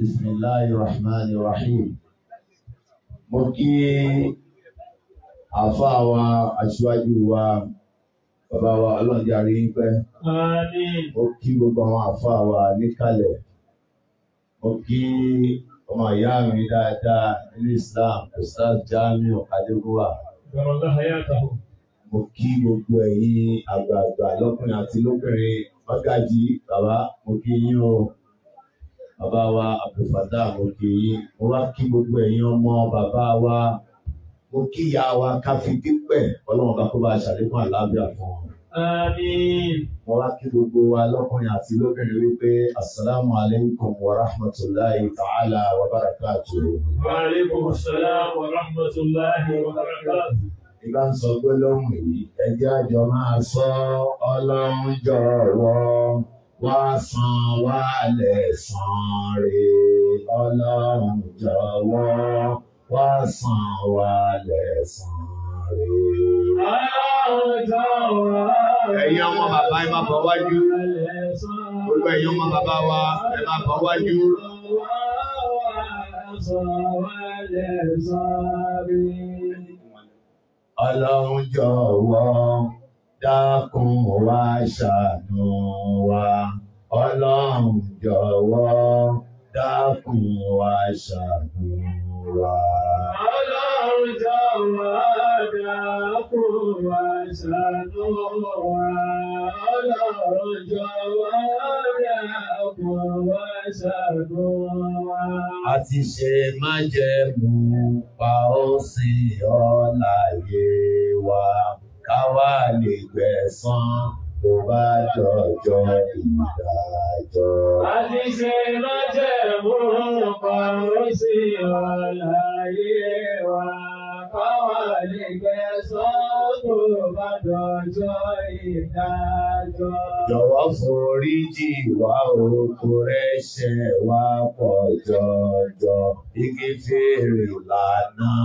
Bismillahirrahmanirrahim. Mo kí àfa wa aṣíwájú wa bàbá wa ọlọ́njà rí ń pẹ́. Mo kí gbogbo àwọn àfa wa níkàlẹ̀. Mo kí ọmọ ìyá mi dáadáa ní Islam, Ustaz Jamiu Adégúwà. Mo kí gbogbo ẹ̀yin àgbààgbà lọ́kùnrin àti lóbìnrin, mọ́gàjì bàbá, mo kí yín o bàbá wa àbùfàdà òkè yìí mo wá kí gbogbo ẹ̀yin ọmọ bàbá wa mo kí ìyá wa ká fi dípẹ̀ ọlọ́run bá kó bá ṣàlékún àlàáfíà fún wọn. mo wá kí gbogbo wa lọ́kùnrin àti lóbìnrin wípé asalaamu alaykum wa rahmatulahi ta'ala wa barakatu. wa aleykum salaam wa rahmatulahi wa barakatu ìbá ń sọ gbólóhùn yìí ẹjẹ́ àjọ máa sọ ọlọ́run jọ̀wọ́ wá san wá lẹ́san rè ọlọ́run jọ̀wọ́ wá san wá lẹ́san rè. ọlọ́run jọ̀wọ́. ẹ̀yin ọmọ bàbá ẹ máa bọ̀ wájú gbogbo ẹ̀yin ọmọ bàbá wa ẹ máa bọ̀ wájú. ọlọ́run jọ̀wọ́ dákun wá ṣàánú wa ọlọ́run jọ̀wọ́ dákun wá ṣàánú wa. ọlọ́run jọ̀wọ́ dákun wá ṣàánú wa ọlọ́run jọ̀wọ́ dákun wá ṣàánú wa. a ti ṣe májẹ̀mú pa ó sí ọ láyé wa káwá lè gbẹ̀san tó bá dọjọ́ ìdájọ́. a ti ṣe májẹ̀mú kọrùn sí ọ̀làyé wa káwá lè gbẹ̀san tó bá dọjọ́ ìdájọ́. jọ̀wọ́ foríjì wá o kò rẹ́ṣẹ̀ wá pọ̀ jọjọ igi fèrè lánàá.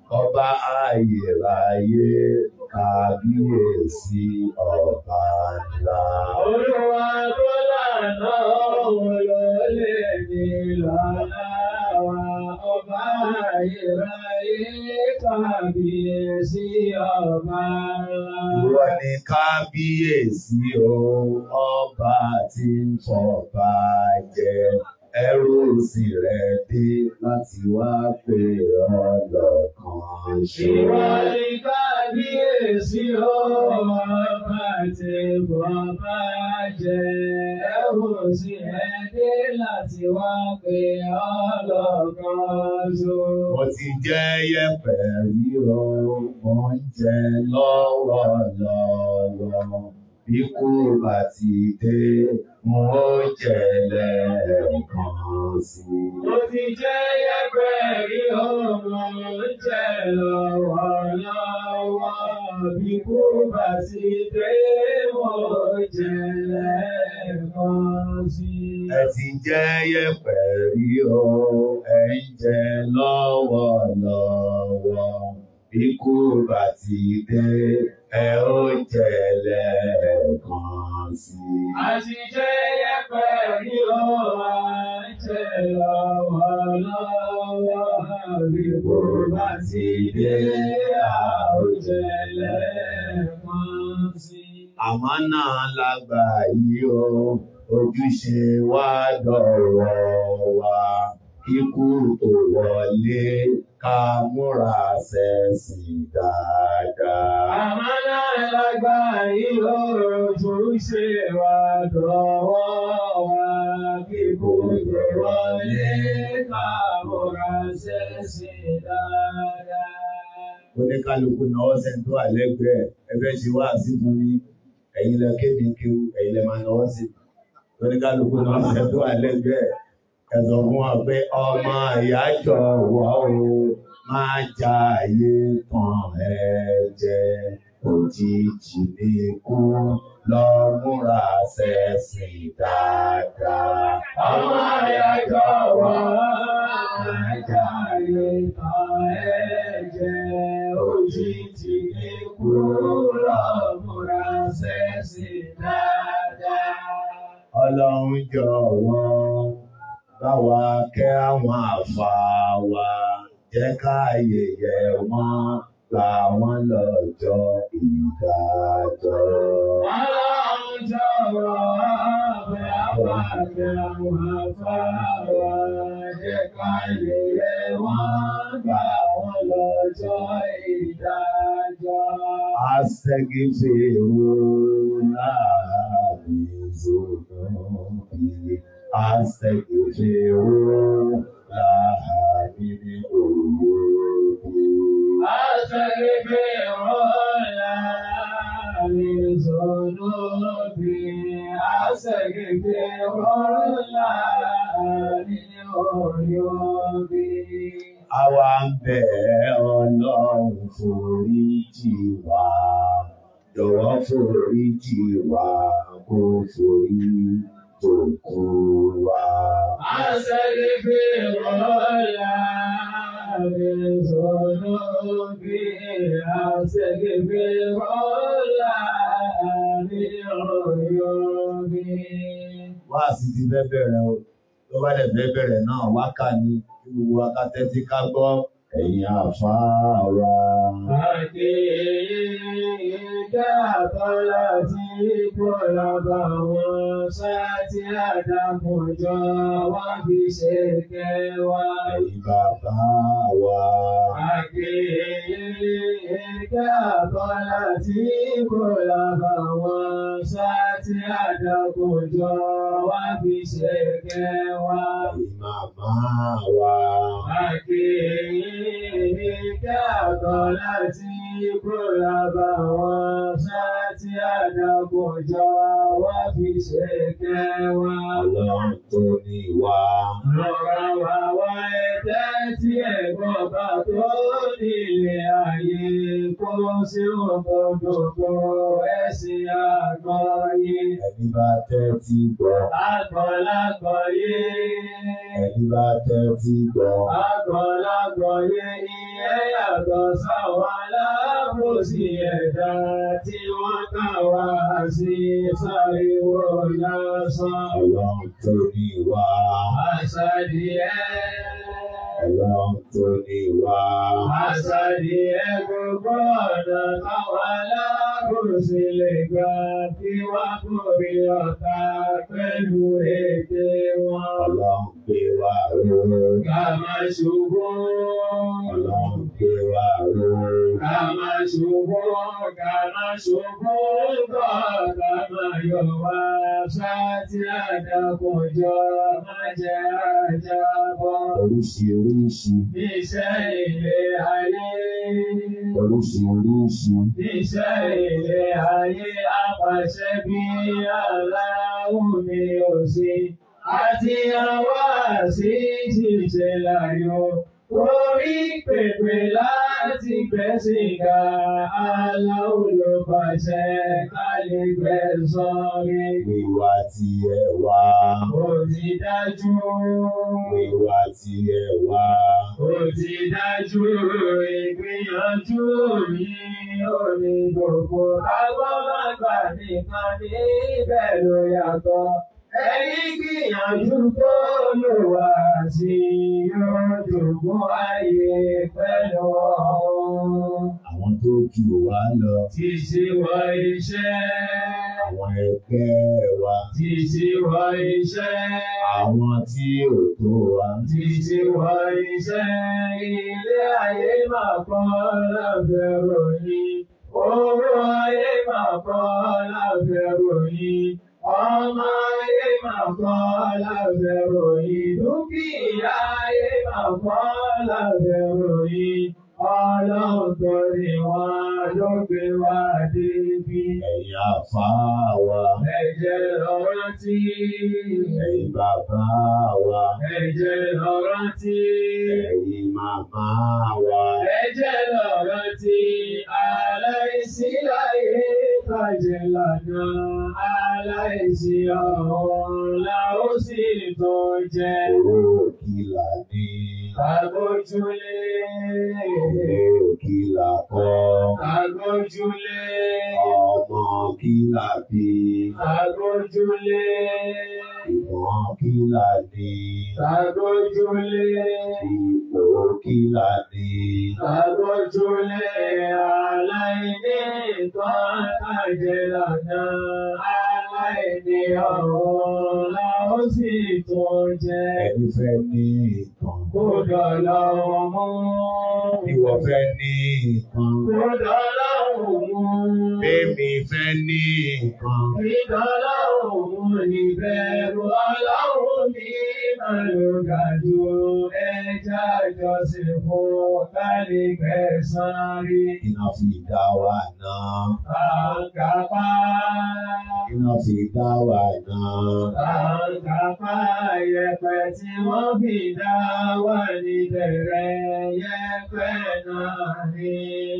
ọba ayérayé kábíyèsí ọba ńlá. olúwa tó lànà òun ló lè ní lọ́la wa ọba ayérayé kábíyèsí ọba ńlá. ìwọ ni kábíyèsí o ọba tí ń fọba jẹ ẹrú sì rẹ dé láti wá pé ọlọ́kan ṣe. ìwọ ni kábíyèsí ó ọba tí bọ́bá jẹ ẹrú sì rẹ dé láti wá pé ọlọ́kan ṣe. mo ti jẹ́ yẹ̀pẹ̀ rí o mo ń jẹ lọ́wọ́ lọ́wọ́ bí kò bá ti dé wọ́n jẹ̀lẹ̀ kan sí. mo ti jẹ́ yẹ́pẹ́ rí ọmọ jẹ́ lọ́wọ́ lọ́wọ́ bí kò bá ti dé wọ́n jẹ̀lẹ̀ sí. ẹ ti jẹ́ yẹ́pẹ́ rí ọ ẹ ń jẹ lọ́wọ́ Ikú bàtì dé ẹ ó jẹ lẹ́ẹ̀kan sí. Àṣìṣe yẹpẹ̀ ni ó wà jẹ lọ́wọ́ lọ́wọ́. Ikú bàtì dé a ó jẹ lẹ́ẹ̀kan sí. Àmọ́ náà lágbà yìí o, ojúṣe wa dọ̀rọ̀ wa. Ikú tó wọlé ká múra ṣẹ̀sìn dáadáa. Àmàlà ẹ̀lágbá ìlọrọ̀ tún ṣe wà dọ̀wọ́ wa. Ikú tó wọlé ká múra ṣẹ̀sìn dáadáa. Oníkálukú náà ṣẹ́ńtò àlẹ́gbẹ̀ẹ́ ẹgbẹ́ ṣe wá síbu ní ẹ̀yìn lọ kébìkéwu ẹ̀yìn lẹ́ẹ̀ma náà ṣe. Oníkálukú náà ṣẹ́ńtò àlẹ́gbẹ̀ẹ́ ẹ̀sọ̀ fún wa pé ọmọ ìyájọ́ wà ó máa ja ayé kan ẹ jẹ òjijì ní kú lọ múra ṣẹ̀sìn dáadáa. ọmọ ìyájọ́ wà ó máa ja ayé kan ẹ òjijì ní kú lọ múra dáadáa. ọlọ́run jọ̀wọ́ báwa kẹ́ àwọn àfa wa jẹ́ ká yẹ̀yẹ́ wọn làwọn lọ́jọ́ ìdájọ́. aláwọ̀ jọ̀wọ́ àbẹ̀ àwọn àbẹ̀ àwọn àfa wa jẹ́ ká yẹ̀yẹ́ wọn làwọn lọ́jọ́ ìdájọ́. aṣẹ́gi fi èrò náà bí zòló أستغفر الله من ذنوبي أستغفر الله من ذنوبي أستغفر الله من عيوبي àwa ń bẹ̀ ọlọ́run foríjì wá jọ̀wọ́ foríjì wá kó forí gbogbo wa. a sẹ́ni fi ọ̀la mi sọ̀rọ̀ bí a sẹ́ni fi ọ̀la mi ọ̀yọ́ mi. wá sí ti bẹ́ẹ̀ bẹ̀rẹ̀ o tó bá dẹ̀ bẹ́ẹ̀ bẹ̀rẹ̀ náà wákà ní gbogbo akátẹ́tí ká gbọ́ ẹ̀yin àfa wa. Àgbèyí dábàlá tí kọ́lá bá wọn sátí àdàmọ̀jọ wá fi ṣe kẹwa. Ẹ̀yin bàbá wa. Àgbèyí dábàlá tí kọ́lá bá wọn sátí àdàmọ̀jọ wá fi ṣe kẹwa. Ẹ̀yin màmá wa. Àgbèyí ìdíkà kọ́lá tí kúrò bá wọn sá tí àdàkùn jọ wá fi ṣe wa. Ọlọ́run tó ní wá. Rọra wá wá ẹ̀tẹ́ tí ẹ̀gbọ́n bá tó nílé ayé kó sí òkòdòdò ẹ̀sìn àgbọ̀yé. Ẹni bá tẹ́ ti gbọ́. Àgbọ̀lágbọ̀yé. Ẹni bá tẹ́ ti gbọ́. Àgbọ̀lágbọ̀yé ìyẹn yàtọ̀ sáwọn aláàbòsí ẹ̀dá tí wọ́n kàn wá sí sáríwọ̀ lásán. Ọlọ́run tó ní wá. Àṣàdì ẹ̀. Ọlọ́run tó ní wá. Àṣàdì ẹ̀ gbogbo ọ̀nà táwọn aláàbòsí lè gbà kí wọ́n kórè ọ̀tá pẹ̀lú ète wọn gbé wa ró. Ká má ṣubú. Ọlọ́run gbé wa ró. Ká má ṣubú. Ká má ṣubú. Bọ́ọ̀lá máa yọ wá. Sátí àdàpọ̀jọ má jẹ́ ajá bọ́. Oríṣi oríṣi. Iṣẹ́ ilé ayé. Oríṣi oríṣi. Iṣẹ́ ilé ayé apàṣẹ bíi aláwọ̀ mi ò sí àti àwa sí ṣiṣẹ́ láyọ̀. Orí pèpè láti gbẹ̀sìn ga aláwo ló pàṣẹ ká lè gbẹ̀sán mi. Wíwá ti ẹ̀ wá. Ó ti dájú. Wíwá ti ẹ̀ wá. Ó ti dájú ìgbìyànjú mi orí gbogbo. Agbọ́n máa gbà nìkan níbẹ̀ ló yàtọ̀ ẹni gbìyànjú tó lò wá sí ojúgbọ́n ayé pẹ̀lú ọ̀hún. Àwọn tó jù wá lọ. Ti ṣe wọ iṣẹ́. Àwọn ẹgbẹ́ wa. Ti ṣe wọ iṣẹ́. Àwọn tí ò tó wa. Ti ṣe wọ iṣẹ́. Ilé ayé máa pọ̀ lábẹ́ ròyìn. Owó ayé máa pọ̀ lábẹ́ ròyìn. Ọmọ ayé máa kọ́ lábẹ́ ròyìn, dúkìá ayé máa kọ́ lábẹ́ ròyìn. Ọlọ́run torí ló gbé wá débi. Ẹ̀yin àfa wa. Ẹ̀jẹ̀ lọ́rọ́ tí. Ẹ̀yin bàbá wa. Ẹ̀jẹ̀ lọ́rọ́ tí. Ẹ̀yin màmá wa. Ẹ̀jẹ̀ lọ́rọ́ tí. Aláìsí láyé bàjẹ́ lànà. Aláìsí ọ̀run la ó sì tó jẹ. Owó kìlà ni. Àbójúlé ilé òkìlà kọ́. Àgọ́júlé. Ọmọ kìlà bí. Àgọ́júlé. Ìmọ̀ kìlà ní. Àgọ́júlé. Ipò kìlà ní. Àgọ́júlé aláìní nǹkan àjẹ lànà. Aláìní ọ̀run la ó sì tún jẹ. Ẹni fẹ́ ní ìtàn. Kó dọ̀là ọmọ ìwọ fẹ́ ní nǹkan. Ìdọ́lá òun. Bẹ́ẹ̀mi fẹ́ ní nǹkan. Ìdọ́lá òun ìbẹ̀rù ọlọ́run ní Màlúgàdù ẹja ìjọsìn fún Bálí Gbẹ̀sán rí. Iná fi dá wa náà. Àǹkàpá. Iná fi dá wa náà. Àǹkàpá yẹ̀pẹ̀ tí wọ́n fi dá wa ní bẹ̀rẹ̀ náà ni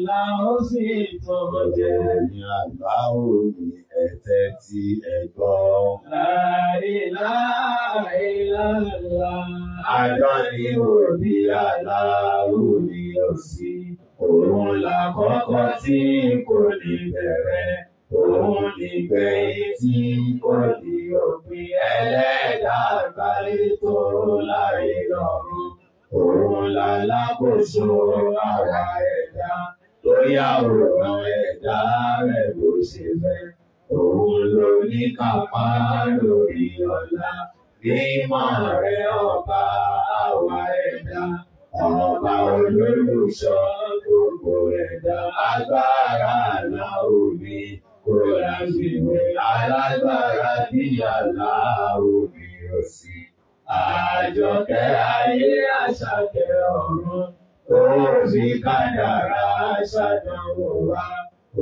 láwọn sì tún jẹ́. Ní àgbà òní ẹ̀tẹ́ tí ẹ gbọ́. Láìlá ìlàlá. Àjọ ni òní àlá òní òsì. Òun làkọ́kọ́ tí kò ẹlẹ́dàá àgbáyé tó lálákòóso àwa ẹ̀dá tó yàwòrán ẹ̀dá rẹ̀ bó ṣe fẹ́. Òun ló ní kápá lórí ọ̀la mímọ́ rẹ̀ ọba àwa ẹ̀dá. Ọba olólùṣọ́ gbogbo ẹ̀dá agbára àlá omi kò láfiwé alágbára bí àlá omi ò sí àjọkẹ́ ayé àṣàkẹ́ ọ̀run òun sì kádàrá ṣàdánwò wa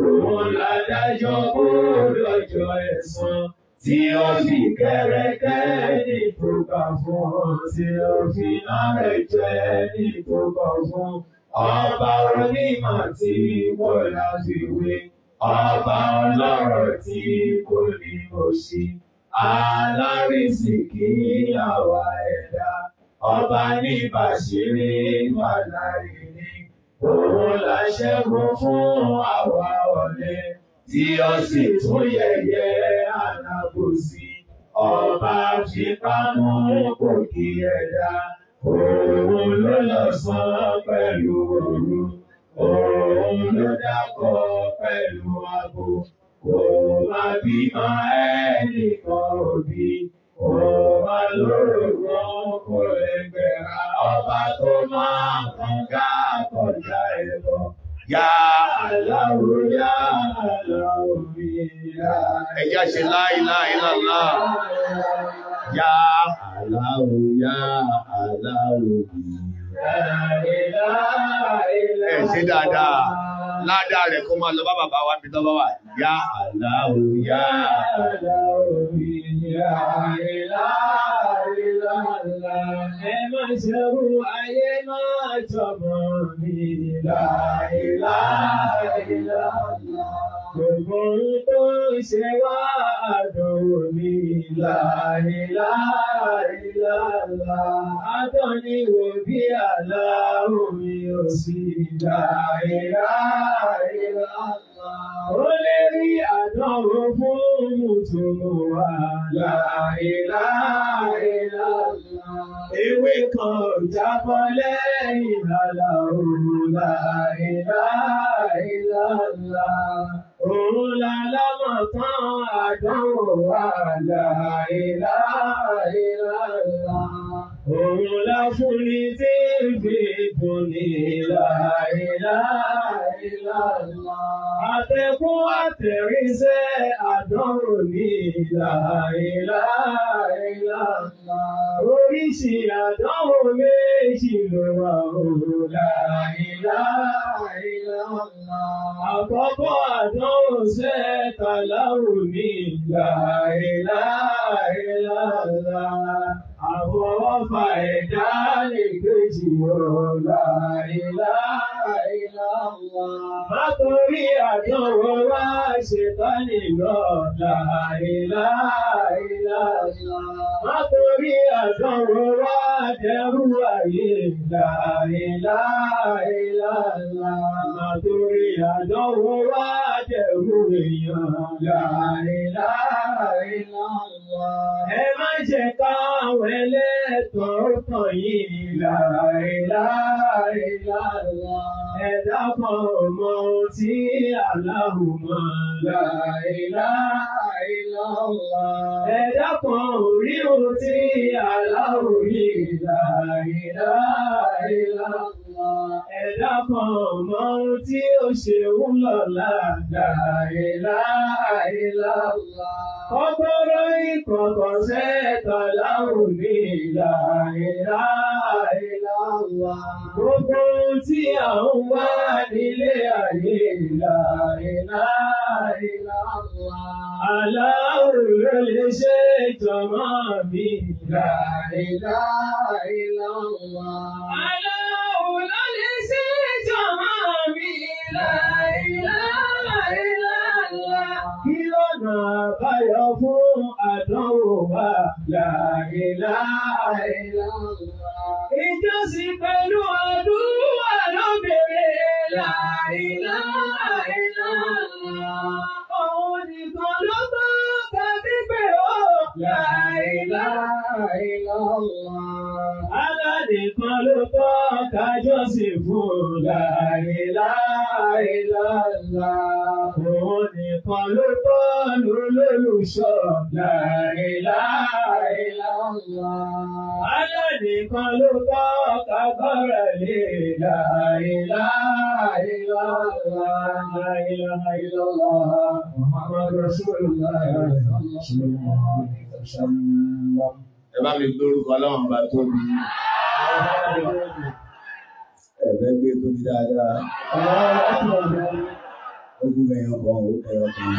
òun ládájọ́ kó lọ́jọ́ ẹ̀san tí ó fi kẹ̀rẹ̀kẹ́ ní ìtòkà fún tí ó fi ààrẹ jẹ́ ní ìtòkà fún ọba onímọ̀ tí kò láfiwé ọba ọlọ́rọ̀ tí kò ní òṣì alárìsìkí àwa ẹ̀dá ọba ní bàṣírí màláyé ni òun láṣẹ́gun fún àwa ọ̀lẹ tí ó sì tún yẹ̀yẹ́ alábòsí ọba fipá mú gòkè ẹ̀dá òun ló lọ sàn pẹ̀lú òru òun ló dákọ̀ pẹ̀lú abo kò má bímọ ẹnìkan òbí kò má lórúkọ kò lẹ́gbẹ̀rà ọba tó máa kàn ká kọjá ẹ̀rọ. Yá aláwo yá aláwo mi yá. Ẹja ṣe láìláì lọ́la. Yá aláwo yá aláwo mi yá ẹ ṣe dáadáa ládàá rẹ̀ kó máa lọ bá bàbá wa bí tọ́bá wà yá aláwo yá ẹ má ṣerú ayé máa tọmọ mi láìláìláìlá. Gbogbo ohun tó ń ṣe wá àdánwò ní ìlà ìlà ìlà ìlà. Adán ni wo bí àlá omi ò sí ìlà ìlà ìlà. Ó lè rí àdánwò fún mùtùmùwà ìlà ìlà ìlà. Ewé kan ò jábọ́ lẹ́yìn àlà òun ìlà ìlà ìlà. Òun la lámọ̀ tán àdánwò àlàyé láàyè láàlá. Òun la fún ni tí fi gùn ní ìlàìlàìlàlá. Àtẹ̀kún àtẹ̀ríṣẹ́ àdánwò ní ìlàìlàìlàlá. Oríṣi àdánwò méjì ló wà òun láìláìlàlá. Àkọ́kọ́ àdánwò sẹ́ta láwùmí láìláìlàlá. Àfọwọ́fà ẹ̀dá lè kejì ọ̀la ìlà ìlà wà. Látòrí àdánwò wá ṣètánì lọ́la ìlà ìlà wà. Látòrí àdánwò wá dẹrú ayé ìlà ìlà ìlà wà. Látòrí àdánwò wá dẹrú èèyàn ìlà ìlà ìlà wà. Ẹ má jẹ́ káwé ẹlẹ́tọ̀ tàn yìí láìláìláìlá. Ẹ̀dá kan ò mọ ohun tí Allahu mọ̀ láìláìlá. Ẹ̀dá kan ò rí ohun tí Allahu rí láìláìlá. Ẹ̀dá kan ò mọ ohun tí ó ṣe ń lọ láàdá ìlà ìlà ọ̀la. Kọ́kọ́rọ́ ìkọ̀kọ̀ sẹ́ẹ̀ta láwùn ní ìlà ìlà ìlà ọ̀la. Gbogbo ohun tí à ń wá nílé ayé ìlà ìlà ìlà ọ̀la. Aláwùrọ̀ lè ṣe ìtọ́mọ́ mi ìlà ìlà ìlà ọ̀la. Àbáyọ fún àdánwò wa láìlá àìláwà. Ìjọsìn pẹ̀lú ọdún wà lóbìnrin láìlá àìláwà. Òun nìkan ló bá. La ilaha illallah. Aládé kan ló tọ́ kájọ́ sí fún. La ilaha illallah. Òun nìkan ló tọ́ lólólùṣọ́. La ilaha illallah. Aládé kan ló tọ́ kábọ̀rẹ̀ lé. La ilaha illallah. La ilaha illallah. Muhammad Rasulullah. Sallallahu alaihi wasallam. Ẹ bá mi gbórúkọ ọlọ́run bá tóbi. Ẹ̀fẹ́ gbé tóbi dáadáa. Ogun ẹ̀yàn kan, ó kẹ̀yàn kan.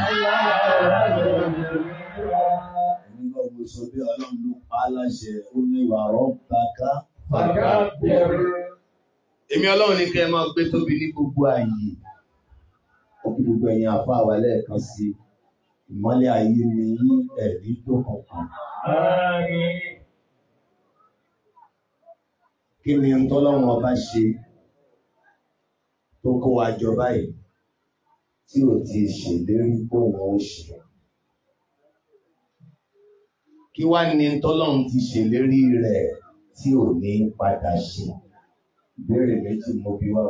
Ẹni náà mo sọ pé ọlọ́run ló pa á ó ní ìwà ọ̀rọ̀ kàkà. Èmi ọlọ́run ní kẹ́ ẹ máa gbé tóbi ní gbogbo ààyè. Ó kí gbogbo ẹ̀yin àfa àwa lẹ́ẹ̀kan sí i ìmọ́lẹ̀ ayé ni ẹ̀rí tó kọ̀kan. Kí ni ń tọ́lọ́wọ́n ọba ṣe tó kó wa jọ báyìí tí ò ti ṣèlérí kó wọn ó ṣe? Kí wá ni tọ́lọ́run ti ṣèlérí rẹ̀ tí ò ní padà ṣe? Ìbéèrè méjì mo bí wá.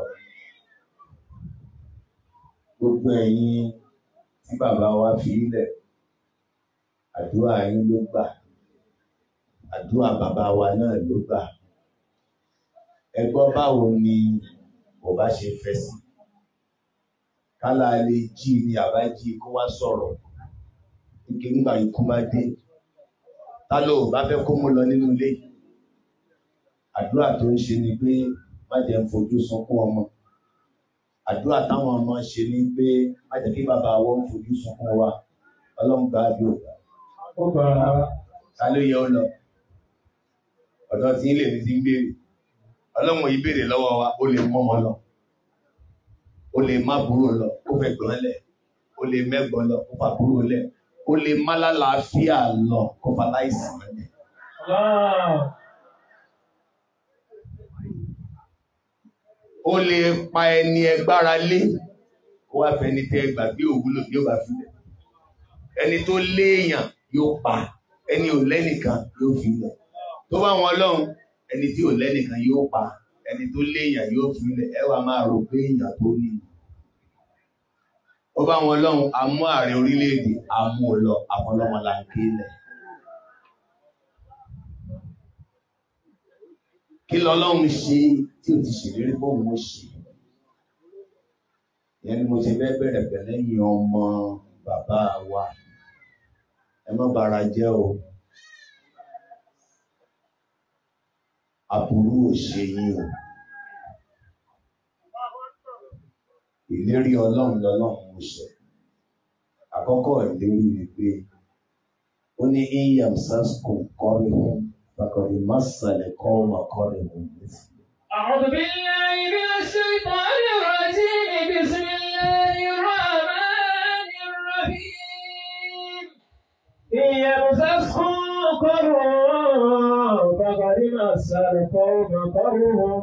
Gbogbo ẹ̀yin tí bàbá wa fi ilẹ̀ àdúrà yín ló gbà àdúrà bàbá wa náà ló gbà ẹgbọ́n báwo ni kò bá ṣe fẹ́ sí kálá lè jí ni àbá jí kó wá sọ̀rọ̀ nígbà nígbà ikú bá dé ta ló bá fẹ́ kó mú lọ nínú ilé àdúrà tó ń ṣe ni pé má jẹ́ ń fojú sunkún ọmọ àdúrà táwọn ọmọ ṣe ni pé má jẹ́ kí bàbá wọn fojú sunkún wa ọlọ́run gba àdúrà. ó gbà á rárá. ta ló yẹ ọ lọ ọ̀dọ́ tí ilé mi ti ń béèrè ọlọ́run yìí béèrè lọ́wọ́ wa ó lè mọ́ ọmọ lọ ó lè má burú lọ ó fẹ́ gbọ́n lẹ̀ ó lè mẹ́gbọ́n lọ ó fà burú lẹ̀ ó lè má lálàáfíà lọ kó fa láìsí mọ́lẹ̀. ó lè pa ẹni ẹgbára lé kó wá fẹni tẹ gbàgbé òwúlò bí ó bá fi lẹ ẹni tó léèyàn yóò pa ẹni ò lẹ́nìkan yóò fi lẹ tó bá wọn lọ́hùn ẹni tí ò lẹ́nìkan yóò pa ẹni tó léèyàn yóò fi lẹ ẹ máa rò pé èèyàn tó ní ó bá wọn lọ́hùn amú ààrẹ orílẹ̀-èdè amú lọ àfọlọ́wọn ń ké lẹ̀. kí lọ́lọ́run ṣe tí o ti ṣèlérí bó wọn ṣe ìyẹn ni mo ṣe fẹ́ bẹ̀rẹ̀ pẹ̀lẹ́ yìn ọmọ bàbá wa ẹ má bara jẹ́ o aburú ò ṣe yín o ìlérí ọlọ́run lọ́lọ́run mo ṣe àkọ́kọ́ ìlérí ni pé ó ní eyam sasco kọ́rin fún فقد مس القوم قرهم أعوذ بالله من الشيطان الرجيم بسم الله الرحمن الرحيم إن يمسسكم قر فقد مس القوم قرهم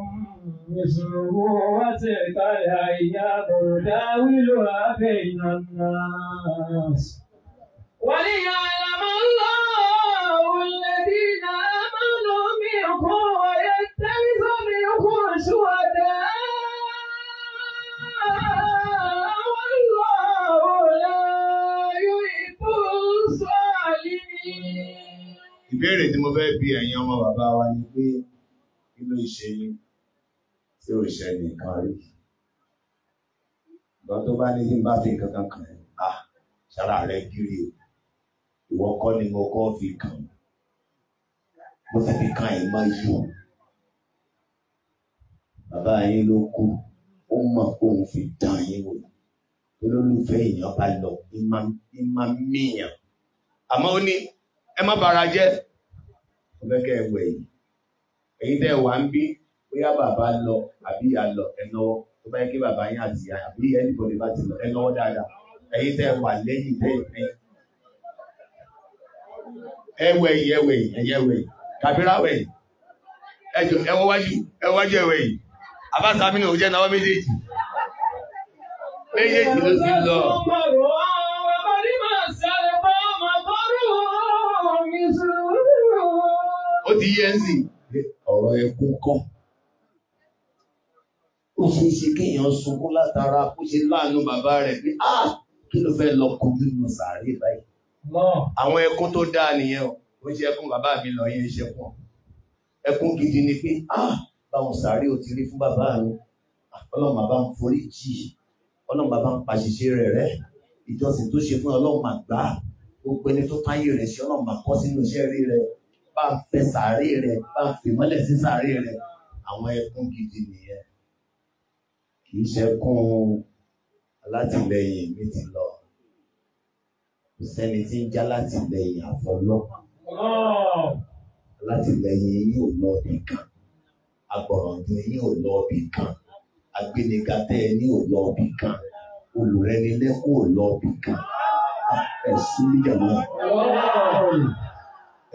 مثله وتلك الأيام نداولها بين الناس وليعلم الله ìbéèrè tí mo fẹ́ bi ẹ̀yin ọmọ bàbá wa ni pé kí ló ṣe tí ò ṣe nìkan rí ìgbà tó bá ní bá fi nǹkan kàn ẹ́ à sára rẹ̀ gírí o ìwọ kọ́ ni mo kọ́ fi kàn mo sì fi kàn ẹ̀ mọ́ yìí o bàbá yín ló kú ó mọ̀ kóun fi dán yín wò olólùfẹ́ èèyàn bá lọ ìmọ̀ míyàn àmọ́ ó ní ẹ má bara jẹ́ mo fẹ́ kẹ́ ẹ wẹ̀ yìí ẹ̀yin tẹ́ ẹ wà ń bí bóyá bàbá lọ àbí ìyá lọ ẹ lọ́wọ́ tó bá yẹ kí bàbá yín àti ìyá àbí ẹnìbọdè bá ti lọ ẹ lọ́wọ́ dáadáa ẹ̀yin tẹ́ ẹ wà lẹ́yìn tẹ́ ẹ pín ẹwẹ̀ yìí ẹwẹ̀ yìí ẹ̀yẹ ẹwẹ̀ yìí kàbírà wẹ̀ yìí ẹjọ ẹwọ́ wájú ẹwọ́ wájú ẹwẹ̀ yìí àbáṣà mi ni òun jẹ́ náwó méjèèjì méjèèjì ló ti lọ. ti yẹ ń sìn ọ̀rọ̀ ẹ̀kún kan ó ṣe é ṣe kéèyàn sunkún látara ó ṣe láàánú bàbá rẹ̀ pé kí ló fẹ́ lọ kojú nù sàárè báyìí. àwọn ẹkún tó dáa nìyẹn o ó ṣe ẹkún bàbá mi lọ yẹn ṣe pọ̀ ẹkún gidi ni pé báwọn sàárè ò ti rí fún bàbá mi ọlọ́run bàbá ń forí jì ọlọ́run bàbá ń pàṣẹṣe rẹ̀ rẹ́ ìjọsìn tó ṣe fún ọlọ́run àgbà gbogbo ẹni tó táyé rẹ̀ ṣe ọlọ́run àkọ́ sínú iṣẹ́ rí rẹ̀ bá ń fẹ́ sàárè rẹ̀ bá ń fi mọ́lẹ̀ sí sàárè rẹ̀ àwọn ẹkún gidi nìyẹn kì í ṣẹkún alátìlẹyìn mi ti lọ kò sẹ́ni tí ń já látìlẹyìn àfọlọ́ alátìlẹyìn yìí ò lọ nìkan agbọ̀rànjú yìí ò lọ nìkan agbénigatẹ́ ní ò lọ nìkan olùrẹ́nilẹ́kùn ò lọ nìkan ẹ̀sùn níjàmbá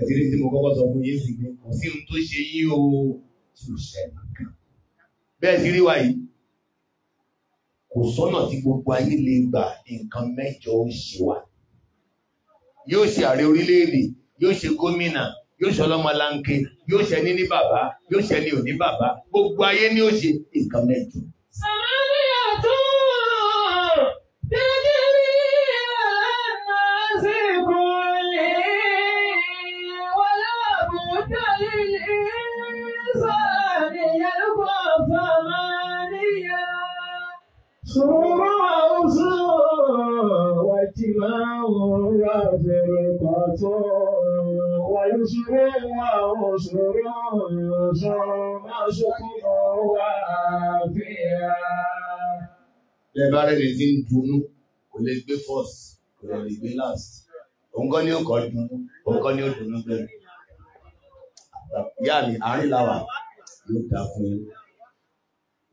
ẹ̀sìn tí mo kọ́kọ́ sọ fún yín sì pé kò sí ohun tó ṣe yín o tí ò ṣe nìkan bẹ́ẹ̀ sí rí wa yìí kò sọ́nà tí gbogbo ayé lè gbà nǹkan mẹ́jọ ó ṣe wa yóò ṣe ààrẹ orílẹ̀-èdè yóò ṣe gómìnà yóò ṣe ọlọ́mọlanke yóò ṣe ẹni ní bàbá yóò ṣe ẹni òní bàbá gbogbo ayé ni ó ṣe nǹkan mẹ́jọ. sàmúlì àtúntò bíi ثم أوصى واتباع الرافع القطار ويسر وعسر ثم شكر وعافية lẹ́bàá rẹ̀ ti ń dunú kò lè gbé first kò lè gbé last òun kọ́ ni ó dunú òun kọ́ ni ó dunú gbé. ìyá àárín làwà yóò dáa fún yín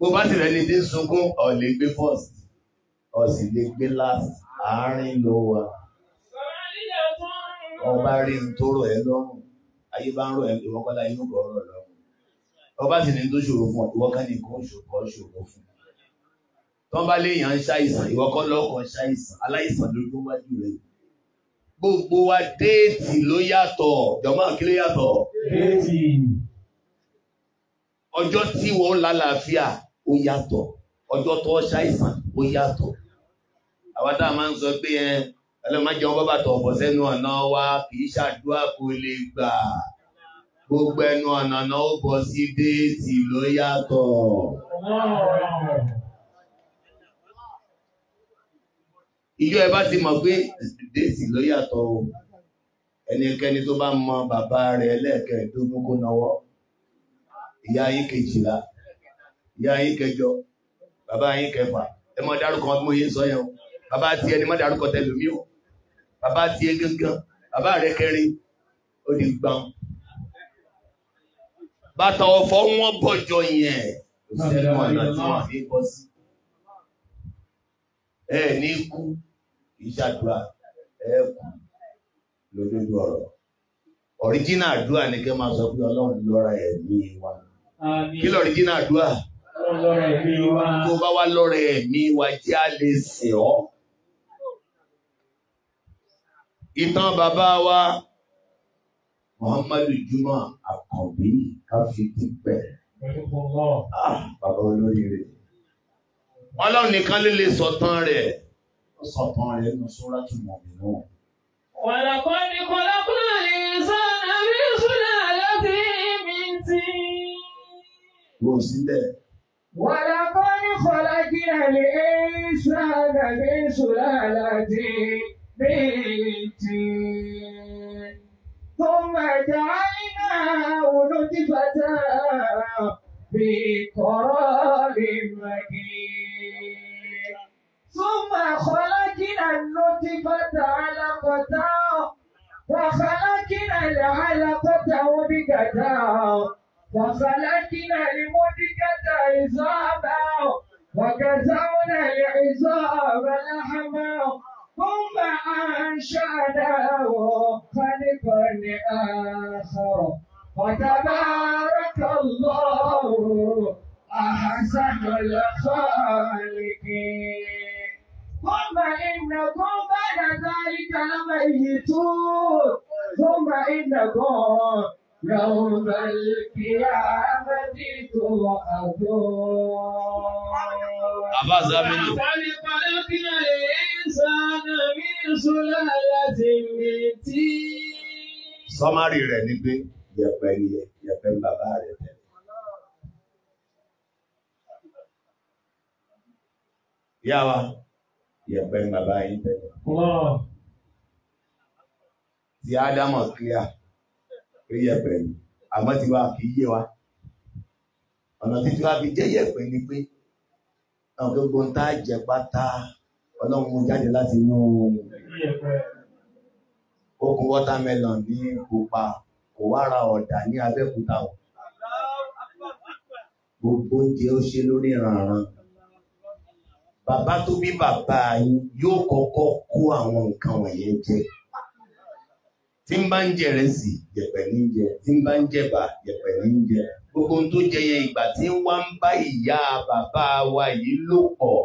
bó bá ti rẹ̀ ní dín sunkún ọ̀lẹ́ gbé first ọ̀sì lè gbé last àárín ló wà. ọba rí n tó rọ̀ ẹ́ lọ́rùn ayé bá ń rọ̀ ẹ́ lọ́wọ́ kọ́lá inú kọ́ rọ̀ lọ́rùn. ọba sì ní tó ṣòro fún ọ ìwọ ká ní kó ṣòro ṣòro fún. tọ́ bá léèyàn ń ṣàìsàn ìwọ kọ́ lọ́kọ̀ ṣàìsàn aláìsàn lójú wájú rẹ̀. gbogbo wa déètì ló yàtọ̀ jọ̀mọ́ kí ló yàtọ̀. déètì. ọjọ́ tí wọ́n lálàáfíà ó yàtọ̀ ọjọ́ tó ṣàìsàn ó yàtọ̀ àwa tá a máa ń sọ pé ẹ ẹlẹ́mọ̀jẹ́ wọn bàbà tọ̀ ọ̀pọ̀ sẹ́nu ọ̀nà wa kì í ṣàdúrà kó lè gbà gbogbo ẹnu ọ̀nà náà ó bọ̀ sí déètì ló yàtọ̀. ìjọ ẹ bá ti mọ̀ pé déètì ló yàtọ̀ o ẹnikẹ́ni tó bá mọ bàbá rẹ̀ lẹ́ẹ̀kẹ́ẹ̀dógún kó náwó ìyá yìí kejìlá ìyá yín kẹjọ bàbá yín kẹfà ẹ mọ dárúkọ mo yé sọ yẹn o bàbá tiẹ̀ ni má dárúkọ tẹlómi o bàbá tiẹ̀ gángan bàbá rẹ kẹrin ó di gbọn bàtà ọ̀fọ̀ wọn bọjọ yẹn ìṣẹ̀lẹ̀ ọ̀nà tí wọn fi bọ sí ẹ ní kú ìṣàdúrà ẹ kú lójoojú ọ̀rọ̀ ọríjínà àdúrà ni kẹ máa sọ pé Ọlọ́run lọra ẹ̀mí wa kí lọríjínà àdúrà tó bá wá lọ́rẹ̀ ẹ̀mí wa jẹ́ a lè sìn ọ́. ìtàn bàbá wa Muhammadu Juma Àkànbí káfíńtì pẹ̀. bàbá olóríire. Ọlọ́run nìkan ló lè sọ̀tàn rẹ̀. ó sọ̀tàn rẹ̀ nínú sọ́ra tó mọ̀ mí náà. Wàlàkọ́ ni kọ́lákùnrin lè sọ̀rọ̀ bí sùnà láti mi tì. Wọ́n sílẹ̀. ولقد خلقنا الإنسان من سلالة من طين ثم جعلناه نطفة في قرار مكين ثم خلقنا النطفة علقة وخلقنا العلقة مبكة وسلكنا لمدك عظاما وكسونا العظام لحما ثم انشاناه خلقا اخر وتبارك الله احسن الخالقين ثم انكم بعد ذلك لميتون ثم انكم يوم القيامة توعدون أبا زامن خلقنا الإنسان من سلالة من طين sọmárì rẹ̀ ni pé yẹ̀pẹ̀ ni yẹ̀pẹ̀ bàbá rẹ̀ tẹ́lẹ̀. Ìyá wa yẹ̀pẹ̀ bàbá yín tẹ́lẹ̀. Ti Ádámọ̀ clear pé yẹ̀pẹ̀ ni àmọ́ tí wàá kì í yé wa ọ̀nà títí wàá fi jẹ́ yẹ̀pẹ̀ ni pé àwọn gbogbo ń tá jẹ pátá ọlọ́run mo jáde láti inú okùn watermelon ní pupa kò wá ra ọ̀dà ní abẹ́òkúta o gbogbo oúnjẹ ó ṣe lórí ìrànràn bàbá tó bí bàbá yóò kọ́kọ́ kó àwọn nǹkan wọ̀nyẹn jẹ tí ń bá ń jẹ ìrẹsì yẹ̀pẹ̀ ní jẹ tí ń bá ń jẹ̀bà yẹ̀pẹ̀ ní jẹ gbogbo ohun tó jẹyẹ ìgbà tí ń wá ń bá ìyá bàbá wa yìí lò pọ̀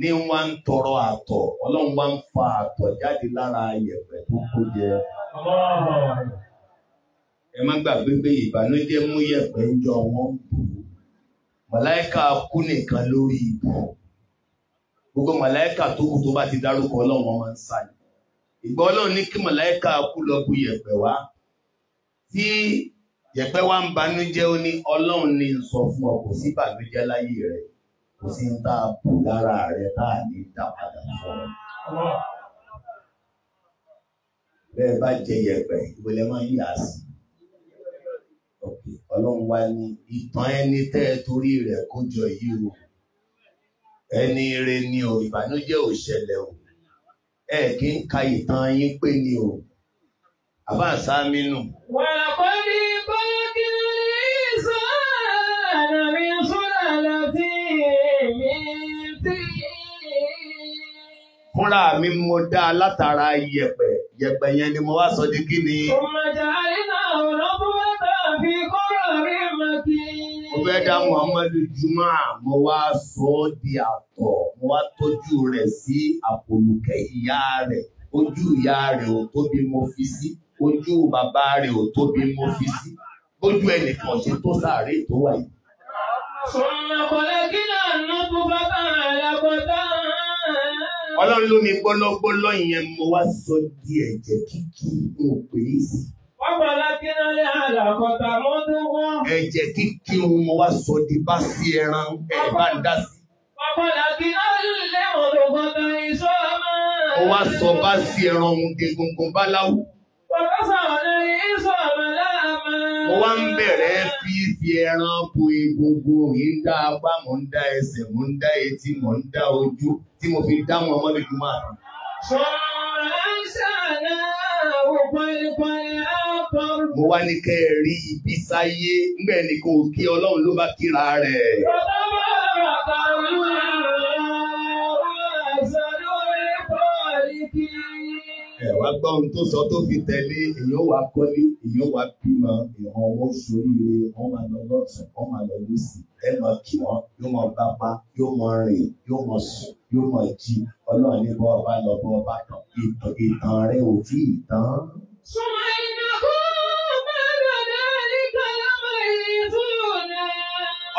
ní wá ń tọrọ àtọ̀ ọlọ́run wá ń fa àtọ̀ jáde lára yẹ̀pẹ̀ tó kó jẹ. ẹ má gbàgbé pé ìbànújẹ́ mú yẹ̀pẹ̀ ń jọ wọ́n bù màláìka kú nìkan lórí ibù gbogbo màláìka tó kù tó bá ti dárúkọ ọlọ́run wọn máa ń sáyé ìgbà ọlọ́run ní kí mọ̀láíkà kú lọ bu yẹ̀pẹ̀ wá tí yẹ̀pẹ̀ wá ń banújẹ́ ó ní ọlọ́run ní ń sọ fún ọ kò sí bànújẹ́ láyé rẹ kò sí ń tá a bù lára rẹ tá a ní dá padà fún bẹ́ẹ̀ bá jẹ yẹ̀pẹ̀ ìwọlẹ̀ máa ń yà ọlọ́run wá ní ìtàn ẹni tẹ́ ẹ torí rẹ̀ kó jọ yìí o ẹni rẹ ni o ìbànújẹ́ ò ṣẹlẹ̀ o ẹ kì í ka ìtàn yín pé ni o àbá àsámínú. wàá kọ́ ní bọ́lá kí ló ní sọ́ọ̀nà mi fúnra lọ sí mi sí. fúnra mi mo dá látara yẹ̀pẹ̀ yẹ̀pẹ̀ yẹn ni mo wá sọ di kí ni. ọmọ jàre náà ò mo fẹ́ dá Muhammadu Juma mo wá sọ ọ́ di àtọ̀ mo wá tọ́jú rẹ̀ sí àpòlùkẹ́ ìyá rẹ̀ ojú ìyá rẹ̀ ò tóbi mo fi sí ojú bàbá rẹ̀ ò tóbi mo fi sí bójú ẹnìkan ṣe tó sáré tó wà yìí. Ọlọ́run ló mi gbọ́lọ́gbọ́lọ́ yẹn mo wá sọ di ẹ̀jẹ̀ kíkì mo pè é sí i. Ẹ̀jẹ̀ kíkí ohun mo wá sọ di bá sí ẹran ẹ̀ bá ń dá sí. Mo wá sọ bá sí ẹran ohun egungun báláwú. Mo wá ń bẹ̀rẹ̀ fífi ẹran bo egungun yìí ń dá apá, mò ń dá ẹsẹ̀, mò ń dá etí, mò ń dá ojú tí mo fi dá wọn mọ́lẹ́dùnmáà. Sọ̀rọ̀ àìsàn náà wò pẹ́lú mo wá ní kẹ́ ẹ rí ibi sáyé ńgbẹ ni kò kí Ọlọ́run ló bá kíra rẹ̀. ẹ wá gbọ́ ohun tó sọ tó fi tẹ̀lé èèyàn wá kọ́lé èèyàn wá bímọ ìhàn owó sóríire wọ́n máa lọ lọ́sàn wọ́n máa lọ lọ́sì ẹ máa kí wọn yóò máa bá pa yóò máa rìn yóò máa sùn yóò máa jí ọlọ́run ní bọ́ ọba lọ bọ́ ọba tán ìtàn rẹ ò tí ì tán. súnmọ́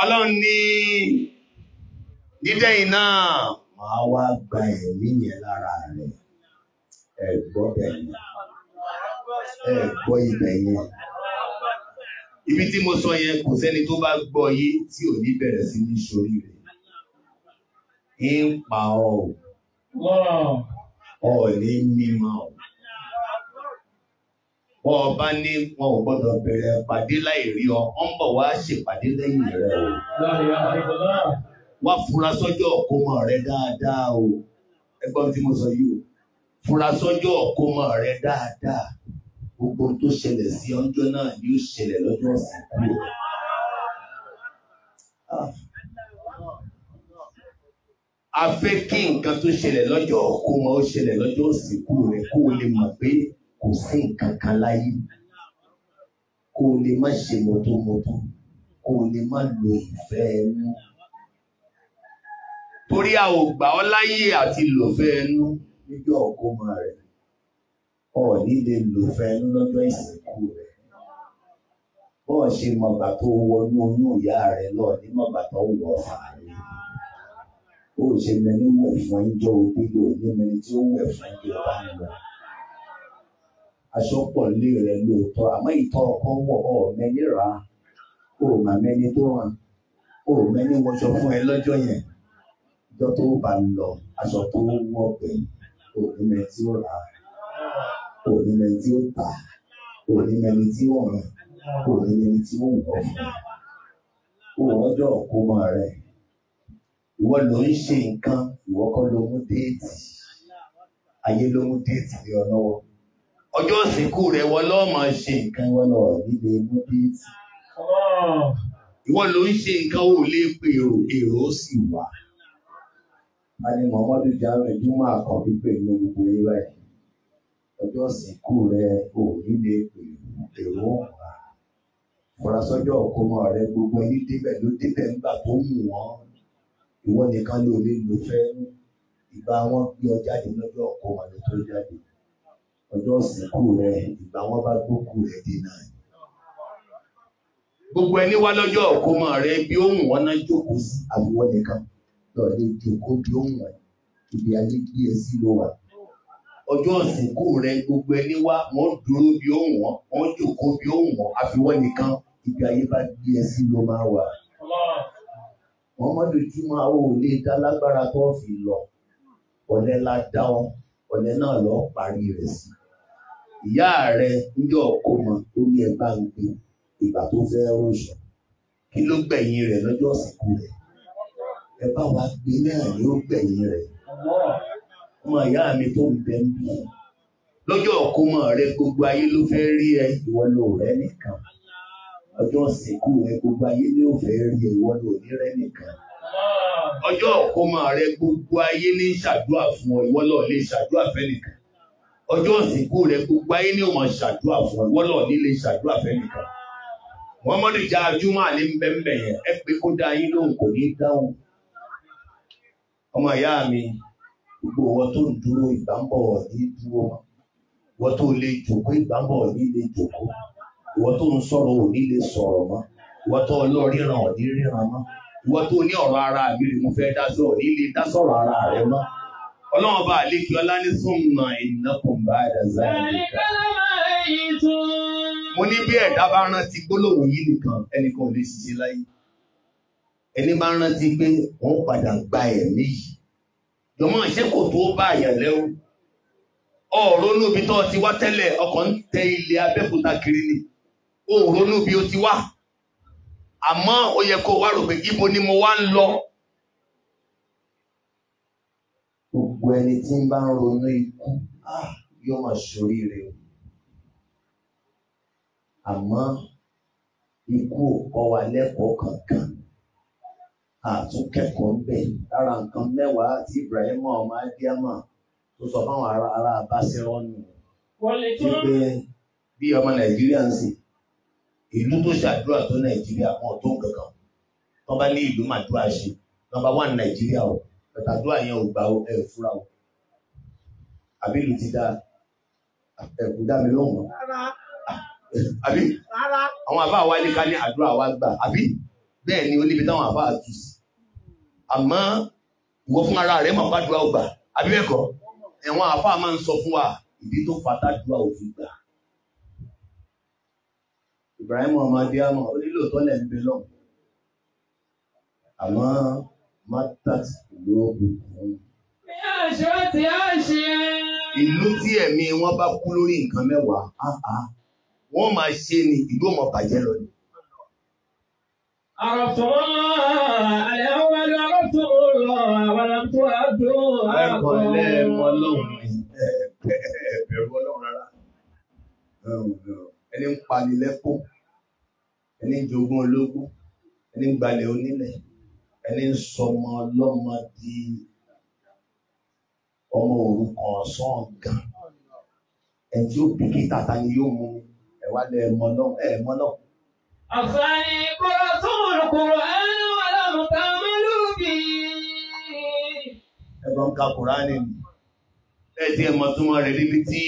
ọlọ́run ní dídẹ́yìn náà máa wá gba ẹ̀mí yẹn lára rẹ̀ ẹ gbọ́ bẹ̀yẹn ẹ gbọ́ ibẹ̀ yẹn ibi tí mo sọ yẹn kò sẹ́ni tó bá gbọ́ yé tí ò ní bẹ̀rẹ̀ sí ní sórí rẹ̀ ń pa ọ́ ọ̀ ní mímọ́ ọ̀ wọn ọba ní wọn ò gbọ́dọ̀ bẹ̀rẹ̀ pàdé láì ọ ọ ń wá ṣèpàdé lẹ́yìn rẹ o. wá fura sọ́jọ́ ọ̀kọ́mọ rẹ dáadáa o ẹgbọ́n tí mo sọ yìí o fura sọ́jọ́ ọ̀kọ́mọ rẹ dáadáa gbogbo tó ṣẹlẹ̀ sí ọjọ́ náà yóò ṣẹlẹ̀ lọ́jọ́ ìsìnkú o. Ah. a fẹ́ kí nǹkan tó ṣẹlẹ̀ lọ́jọ́ ọ̀kọ́mọ ó ṣẹlẹ̀ lọ́jọ́ ìsìnkú rẹ kó o lè mọ̀ pé kò sí nǹkan kan láyé kó o lè má ṣe mọ̀tòmọ̀tò kó o lè má lo ìfẹ́ ẹnu. torí a ò gbà ọ́ láyè àti lòfẹ́ ẹnu níjọ́ ọ̀gọ́mọ rẹ̀ ọ̀ nílé lòfẹ́ ẹnu lọ́jọ́ ìsìnkú rẹ̀ bọ́ọ̀ ṣe mọ̀gbà tó wọnú oyún ìyá rẹ̀ lọ ní mọ̀gbà tó wọ̀ fàárẹ̀ ó ṣe mẹ́ni wẹ̀ fún ẹjọ́ òbí lò ní mẹ́ni tí ó wẹ̀ fún ẹjọ́ bá ń lọ aṣọ pọ̀ lé rẹ lóòótọ́ àmọ́ ìtọ́rọ̀ kan wọ̀ ọ́ mẹ́ni rà á o mà tó ràn o mẹ́ni wọṣọ fún ẹ lọ́jọ́ yẹn ìjọ tó bá lọ aṣọ tó wọ̀ gbẹ̀yìn o ní mẹ́ni tí ó rà á o ní mẹ́ni tí ó tà o ní mẹ́ni tí ó ràn o ní mẹ́ni tí ó wọ̀ fún o ọjọ́ òkúmọ rẹ ìwọ ló ń ṣe nǹkan ìwọ kọ́ ló mú déètì ayé ló mú déètì lé ọ lọ́wọ́ ọjọ́ ìsìnkú rẹ̀ wọ́n lọ́ọ́ máa ṣe nǹkan wọn lọ nílé mọ́bíìtì. ìwọ ló ń ṣe nǹkan ò lè pe èrò èrò sì wà. a ní Muhammadu Jamiu júmọ̀ àkànbí pẹ̀lú gbogbo ẹ̀rọ ẹ̀ ọjọ́ ìsìnkú rẹ̀ ò nílé èrò wà. fọlá sọ́jọ́ ọ̀kọ́mọ rẹ̀ gbogbo yín débẹ̀ ló débẹ̀ nígbà tó mú wọn ìwọ nìkan ló lè lò fẹ́ ìgbà wọn gbé ọ jáde lọ́jọ́ ọ̀kọ́mọ rẹ̀ tó jáde ọjọ́ ìsìnkú rẹ̀ ìgbà wọn bá gbókù rẹ̀ dé náà. gbogbo ẹni wá lọ́jọ́ ìkómọ rẹ̀ bí ó wù wọ́n náà jókòó sí àbúwọ́ nìkan lọ́ọ̀dẹ jókòó bí ó wù wọ́n ibi ayé bí ẹ sí ló wà. ọjọ́ ìsìnkú rẹ̀ gbogbo ẹni wá wọ́n dúró bí ó wù wọ́n wọ́n jókòó bí ó wọ́n àfiwọ́ nìkan ibi ayé bá bí ẹ sí ló máa wà. wọ́n mọ́ dojúmọ́ àwọn ò lè dá lágbára tó fi lọ ọ̀lẹ́ la dá wọn ọ̀lẹ́ náà lọ́ọ́ parí rẹ̀ sí ìyá rẹ̀ ń yọ ọkọ mọ tó ní ẹgbà ń gbé ìgbà tó fẹ́ rọṣọ kí ló gbẹ̀yìn rẹ̀ lọ́jọ́ ìsìnkú rẹ̀ ẹ bá wa gbé náà ni ó gbẹ̀yìn rẹ̀ ọmọ ìyá mi tó ń bẹ ń bí lọ́jọ́ ọkọ mọ rẹ gbogbo ayé ló fẹ́ rí ẹ ìwọ ló rẹ nìkan ọjọ́ ìsìnkú rẹ gbogbo ayé ló fẹ́ rí ẹ ìwọ ló rẹ nìkan ọjọ́ ọkọ mọ rẹ gbogbo ayé ní ṣàdúrà fún ọ ìwọ ló ṣàdúrà fẹ́ nìkan. ọjọ́ rẹ̀ rẹ gbogbo ayé ní ọmọ ṣàdúrà fún ìwọ́lọ̀ nílé ṣàdúrà fẹ́nìkan wọ́n mọ́dé já ajúmọ́ àní bẹ́ẹ̀bẹ̀ yẹn ẹ pé kó dá yín lóhùn kò ní dáhùn ọmọ ìyá mi gbogbo wọn tó ń dúró ìgbàmbọ̀ ní dúró wọn tó lè jòkó ìgbàmbọ̀ ní lè jòkó tó ń sọ̀rọ̀ ò sọ̀rọ̀ mọ́ wọn tó ọlọ́run bá àlékí ọlá ní súnmọ́ ìnákùn bá àdàzà ìdíkà. mo ní bí ẹ̀dá bá rántí gbólóhùn yìí nìkan ẹnìkan ò lè ṣiṣẹ́ láyé ẹni bá rántí pé wọ́n padà gba ẹ̀mí yìí jọmọ́ ṣé kò tó bá àyàn lẹ́wọ́ ọ̀rọ̀ níbi tó ti wá tẹ́lẹ̀ ọkọ̀ ń tẹ ilé abẹ́kúta kiri ni òòrò níbi ó ti wá àmọ́ ó yẹ kó wá rò pé ibo ni mo wá ń lọ gbogbo ẹni tí ń bá ń ronú ikú ah, yóò máa ṣoríire o àmọ́ ikú ò kọ́ wa lẹ́kọ̀ọ́ kankan àtúnkẹ́kọ̀ọ́ ń bẹ̀ lára nǹkan mẹ́wàá àti Ibrahim ọmọ Adiama tó sọ fáwọn ará ará abáṣẹ́rọ́ nù. wípé bí ọmọ Nàìjíríà ń sìn ìlú tó ṣàdúrà tó Nàìjíríà kan tó ń kankan tó bá ní ìlú màdúrà ṣe nọ́mbà wà ní Nàìjíríà o pẹ̀tàdúrà yẹn ò gbà ẹ fúra o àbí ìlú ti dá ẹ̀kú dá mi lọ́wọ́ àbí àwọn àbá wa ilé ká ní àdúrà wa gbà àbí bẹ́ẹ̀ ni ó níbi táwọn àbá àtú sí àmọ́ ìwọ fún ara rẹ̀ máa bá dúrà ọgbà àbí bẹ́ẹ̀ kọ́ ẹ̀wọ̀n àfa máa ń sọ fún wa ìdí tó fata dúrà òfin gbà. Ibrahim ọmọ adé àmọ́ onílò tọ́lẹ̀ ń bẹ lọ́wọ́ àmọ́ mátàtì lóògùn. Bí àṣọ tí a ṣe. Ìlú tí ẹ̀mí wọn bá kú lórí nǹkan mẹ́wàá, wọ́n máa ṣe ni ìlú ọmọ bàjẹ́ lọ ni. Àròtò àyàwó àròtò lọ àwọn àtò àdó àgbọ̀. Ẹ̀kọ́ lẹ́ẹ̀mọ́ lọ́hùn mi, ẹ̀bẹ̀rù ọlọ́run rárá. Ẹni ń palilẹ́kọ̀ọ́, ẹni ń jogún ológun, ẹni ń gbalẹ̀ onílẹ̀ ẹni ń sọmọ ọlọ́mọ di ọmọ òrukàn ọ̀sán gan ẹni tí ó bìkítà ta ni yóò mú ẹ wá lẹ ẹ mọ náà ẹ mọ náà. àfààní kúrò tó kúrò ẹnu ọlọ́run ká mẹ́lú bí. ẹ̀gbọ́n ń ka kùránì ni ẹ ti ẹ̀ mọ túmọ̀ rẹ̀ níbi tí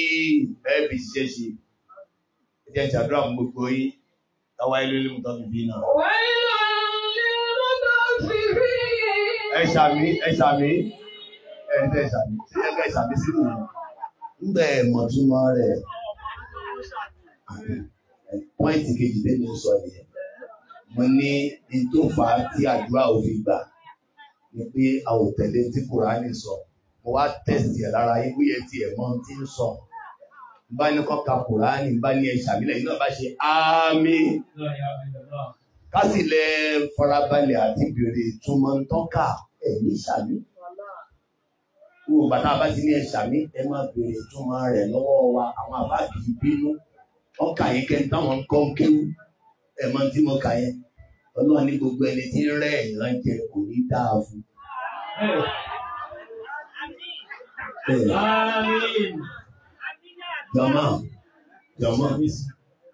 ẹ fi ṣe ẹ ti ẹ̀ ṣàdúrà fún gbogbo yín táwa ẹ lórí mu tó fi bí náà. wáyé ẹ ṣàmì ẹ ṣàmì ẹ ẹ ṣàmì ẹ ṣàmì sí mi ngbẹ mọtúmọ rẹ pọ́ìntì kejì tẹ́lẹ̀ ń sọ yẹn mo ní ìtòfà tí àdúrà òfin gbà ni pé a ò tẹ̀lé tí kùránì sọ mo wá tẹ̀sí ẹ̀ lára ibú yẹn ti ẹ̀ mọ́ ti ń sọ bá ní kọ́ ka kùránì bá ní ẹ̀ ṣàmìlẹ̀ yìí náà bá ṣe ámì kásìlẹ̀ farabalẹ̀ àti bèrè ìtumọ̀ tọ́ka ẹ̀mí sàmí. Wọ́n bàtà bá ti ní ẹ̀sà mi, ẹ máa bèrè ìtumọ̀ rẹ̀ lọ́wọ́ wa, àwọn àbáàbí bínú. Wọ́n kà yín kẹ́ táwọn ń kọ́ ń kéwú. Ẹ máa tí mo kà yẹn. Ọlọ́run ní gbogbo ẹni tí ń rẹ̀ ìran jẹ kò ní dáa fún. Jọ̀mọ́, jọ̀mọ́,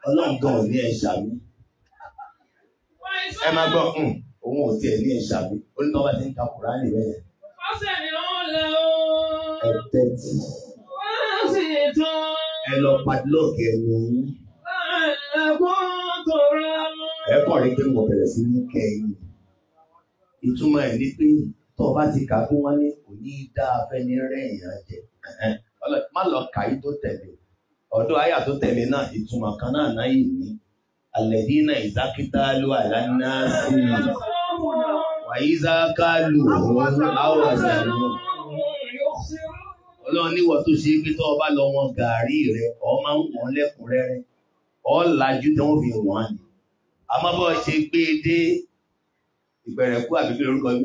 ọlọ́run gan ò ní ẹ̀sà ẹ máa gbọ́ hmm, òun ò tiẹ̀ ní ẹ̀ṣà mi ó ní tọ́ba ti ń ka kùránì rẹ̀ yẹn. ọ̀sẹ̀ ni ó lẹ o. ẹ tẹ́tí. wọ́n sì tán. ẹ lọ padlọ́ọ̀kì ẹnu yín. ẹ̀kọ́ tọrọ. ẹ kàn rí pé mo bẹ̀rẹ̀ sí ní kẹyìn. ìtumọ̀ ẹ̀ ni pé tọ́ba ti kà fún wọn ní kò ní í dá afẹ́ni rẹ̀ yẹn jẹ. má lọ kà tó tẹ̀lé ọ̀dọ́ àyà tó tẹ̀lé náà ìtumọ̀ kan náà náà yìí ní alẹ́dínà ìdákítà ló àlànà sí i wàyíṣà kálù àwọn àṣàlù. ọlọ́run níwọ̀ tó ṣe pé tó o bá lọ wọn gàárì rẹ ọ máa ń wọ̀n lẹ́kùnrẹ́rẹ́ ọ lajú tí wọ́n fi wọ̀n ni. àmọ́ bọ́ ṣe pé dé ìbẹ̀rẹ̀ kú àbíkí lórúkọ mi.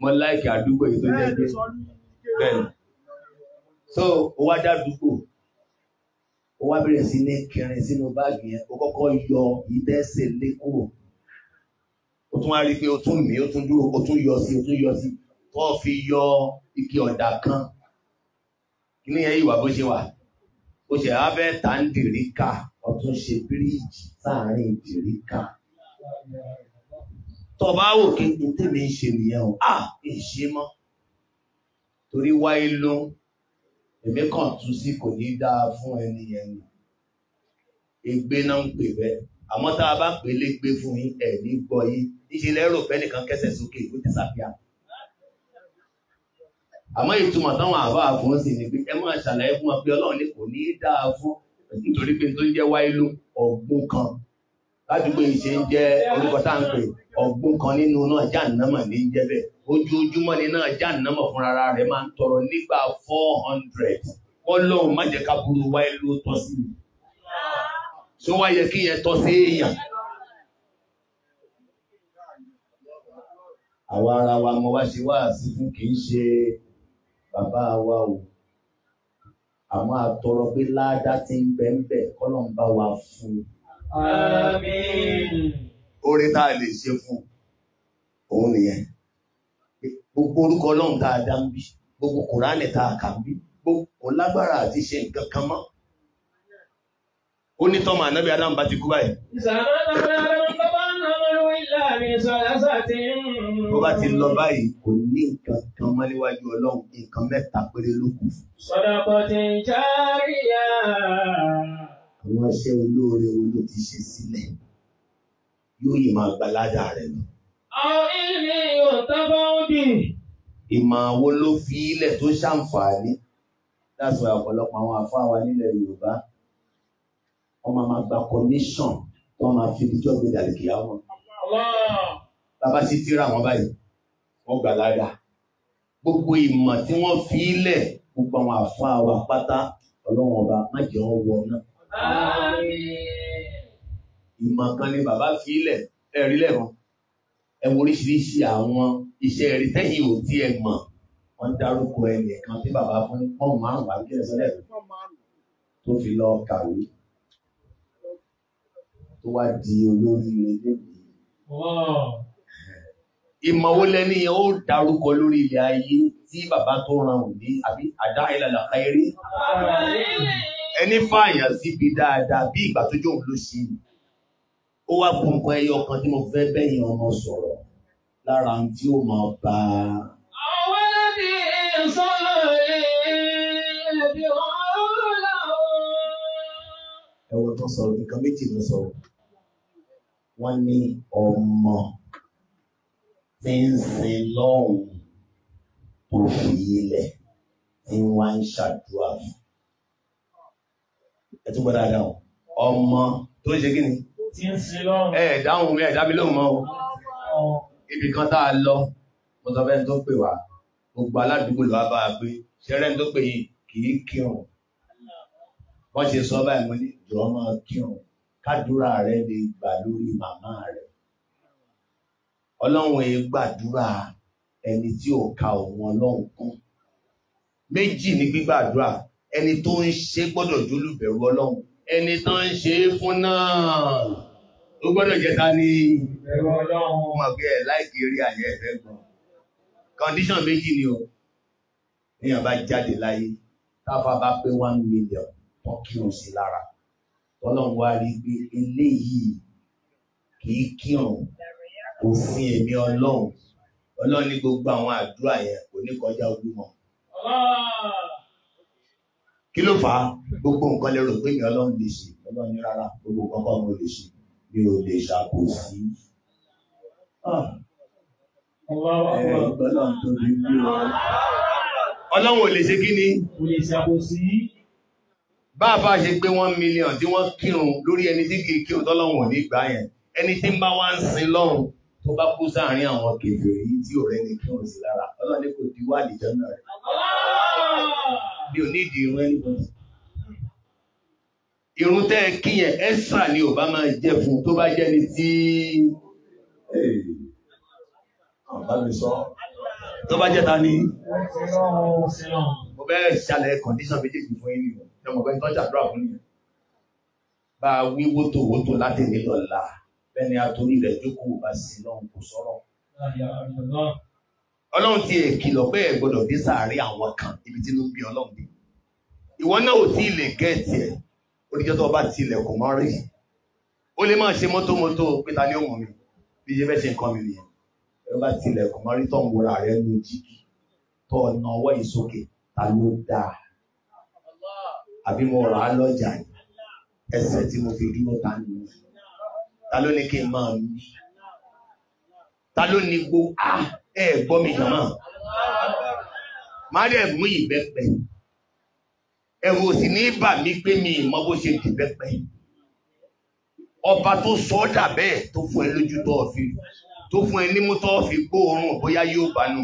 mo láìkì àdúgbò yìí tó jẹ́ pé bẹ́ẹ̀ ni tó o wá dádúgbò o wá bẹ̀rẹ̀ sí ní kẹrin sínú báàgì yẹn o kọ́kọ́ yọ ìdẹ́sẹ̀ lé kúrò o tún wá rí i pé o tún mí o tún dúró o tún yọ sí o tún yọ sí tó o fi yọ ike ọ̀dà kan kíní yẹn ìwà bó ṣe wà o ṣe á ta ń dìríkà ọ̀tún ṣe bíríìjì sáàárín dìríkà tó bá wò kí n tèmi ń ṣe nìyẹn o à ń ṣe torí wáyé ló ń èmi kàn tún sí kò ní dáa fún ẹni yẹn ni ègbé náà ń pè bẹ́ẹ̀ àmọ́ tá a bá pè é légbé fún yín ẹ̀ ní gbọ́ yín níṣẹ́ lẹ́rọ fẹ́nìkan kẹsẹ̀ sókè ìwé ti sàfihàn àmọ́ ìtumọ̀ táwọn àbá àfọ̀n sì ni pé ẹ máa ṣàlàyé fún wọn pé ọlọ́run ní kò ní dáa fún nítorí pé tó ń jẹ́ wáyé ló ọ̀gbun kan ládùúgbò yìí ń jẹ́ orúkọ tá ọ̀gbun kan nínú náà jàǹnàmọ̀ ní jẹ́bẹ̀ ojoojúmọ́ ni náà jàǹnàmọ̀ fúnra rẹ̀ máa ń tọrọ nígbà four hundred wọ́n lóun má jẹ́ ká burú wáyé ló tọ́ sí i tí wọ́n yẹ kí yẹn tọ́ sí èèyàn. àwa ara wa mo wá ṣe wá sí fún kì í ṣe bàbá wa o àmọ́ àtọrọ pé ládàá ti ń bẹ́ńbẹ́ kọ́lọ́ ń bá wa fún un oore tá a lè ṣe fún òun nìyẹn gbogbo orúkọ ọlọ́run tá a dá ń bí gbogbo kùránì tá a kà ń bí gbogbo kò lágbára àti ṣe nǹkan kan mọ́ ó ní tọ́mọ ànábì Ádámù bá ti kú báyìí. Bó bá ti lọ báyìí, kò ní nǹkan kan mọ́ níwájú Ọlọ́run, nǹkan mẹ́ta péré ló kù. Sọ̀dọ̀kọ̀ ti ń járíyà. Àwọn iṣẹ́ olóore wo ló ti ṣe sílẹ̀? yóò yìí máa gba ládà rẹ̀ nù. àwọn ìlú yóò tábà ń bì. ìmọ̀ àwọn ló fi ilẹ̀ tó ṣàǹfààní láti ọ̀pọ̀lọpọ̀ àwọn àfáà wa nílẹ̀ Yorùbá wọ́n máa máa gba commission wọ́n máa fi ibi tí wọ́n gbé dàlẹ́ kìá wọn. bàbá sì tíra wọn báyìí wọ́n gbà ládà gbogbo ìmọ̀ tí wọ́n fi ilẹ̀ gbogbo àwọn àfáà wa pátá ọlọ́wọ́n ọba má wọ náà ìmọ̀ kan ni bàbá fi ilẹ̀ ẹ̀rí lẹ́ran ẹ wo oríṣiríṣi àwọn iṣẹ́ rí tẹ́yìn ò tí ẹ mọ̀ wọ́n dárúkọ ẹnìkan tí bàbá fún pọ́n márùn-ún àbí kílẹ̀ sọ́lẹ̀ tó fi lọ kàwé tó wá di olórí ilé ìmọ̀ wo lẹ́ni yẹn ó dárúkọ lórí ilẹ̀ ayé tí bàbá tó ran òní àbí àdá ìlànà káyéré ẹni fààyàn síbi dáadáa bí ìgbà tó jóun ló ṣe yìí ó wá kún nǹkan ẹyọ kan tí mo fẹ́ bẹ́yìn ọmọ sọ̀rọ̀ lára ohun tí ó máa bá a. àwọn ẹlẹ́bí sọ̀rọ̀ ẹ̀ẹ́dì ọ̀rọ̀ làwọn. ẹ̀wọ̀n tó sọ̀rọ̀ nǹkan méjì ló sọ̀rọ̀ wọ́n ní ọmọ tí ń sin lọ́hùn tó fi ilẹ̀ tí wọ́n ń ṣàdúrà fún. ẹ gbọ́dọ̀ àdáhùn ọmọ tó ń ṣe kí ni tí ń sin lọ́rùn. ẹ dáhùn mi ẹ dá mi lóhùn mọ́ o ibì kan tá a lọ mo sọ fẹ́ni tó pè wá gbogbo aládùúgbò ló wá bá a gbé ṣẹ́rẹ́ni tó pè yìí kì í kírun wọ́n ṣe sọ báyìí mo ní jọ máa kírun kádùúrà rẹ lè gbà lórí màmá rẹ ọlọ́run ẹ gbàdúrà ẹni tí ò ka òun ọlọ́run kún méjì ní gbígbàdúrà ẹni tó ń ṣe gbọ́dọ̀ jólùbẹ̀rù ọlọ́run ẹni tó ń ṣe é fún náà ó gbọ́dọ̀ jẹ́ ta ní ẹ̀rọ ọlọ́run ọmọ gẹ́ láìkì eré àyẹ ẹ̀fẹ́ gan condition méjì ni o èèyàn bá jáde láyé táfà bá pé one million wọn kírun sí lára ọlọ́run wá rí pé eléyìí kì í kírun òfin ẹ̀mí ọlọ́run ọlọ́run ní gbogbo àwọn àdúrà yẹn kò ní kọjá ojúmọ́ kí ló fà á gbogbo nǹkan lè pé mi ọlọ́run lè ṣe ọlọ́run ní rárá gbogbo nǹkan kọ́ mo lè ṣe mi ò lè ṣàkóso. Ah. Ọlọ́run tóbi ń bí wọn. Ọlọ́run ò lè ṣe kí ni? Kò lè ṣàkóso. Bá a bá ṣe pé one million tí wọ́n kírun lórí ẹni tí kìí kírun tọ́lọ́run ò ní gbà yẹn. Ẹni tí ń bá wá ń sin lọ́run tó bá kú sáàárín àwọn kèfèrè yìí tí ọ̀rẹ́ ni kírun sí lára. Ọlọ́run ní kò díwá àlìjọ náà rẹ̀. Mi ò ní ìdí irun ẹni bọ̀dọ̀ irun tẹ́ ẹ kí yẹn ẹ̀sà ni ò bá máa jẹ fún tó bá jẹ́ ni tí tó bá jẹ́ ta ni mo bẹ́ẹ̀ ṣàlẹ̀ kọ̀ndíṣàn méjèèjì fún yín nìyẹn ọmọ ọgbẹ́ni tó ń ṣàdúrà fún yín bá a wí wótòwótò láti nílọ̀la bẹ́ẹ̀ ni atorí rẹ̀ jókòó bá sí lọ́hùn kò sọ̀rọ̀ ọlọ́run ti èkìlọ̀ pé ẹ gbọ́dọ̀ dé sáàárín àwọn kan ibi tí ló ń bí ọlọ́run dé ìwọ náà ò tí ì lè gẹ́ẹ̀tì ẹ̀ oníjọ́ tó bá ti ilẹ̀kùn mọ́ rí ó lè máa ṣe mọ́tò mọ́tò pété ní òmù mi bí iye bẹ́ẹ̀ ṣe ń kọ́ mi nìyẹn ẹ̀rọ bá ti ilẹ̀kùn mọ́ rí tó ń wura rẹ̀ lu jíkì tó ọ̀nà ọwọ́ ìsókè ta ló dáa àbí mo rà á lọ́jà ẹsẹ̀ tí mo fi dúró ta ni ta ló ní kí n máa mí ta ló ní gbó ah, ẹ gbọ́ mi jọ̀mọ́ má dẹ̀ mú ìbẹ́pẹ ẹ̀rù òsì ní bà mí pé mi ìmọ̀ bó ṣe dì bẹ́pẹ́ ọba tó sọ ọ́ dà bẹ́ẹ̀ tó fún ẹ lójú tó fi tó fún ẹ nímú tó fi gbóòórùn bóyá yóò bá nù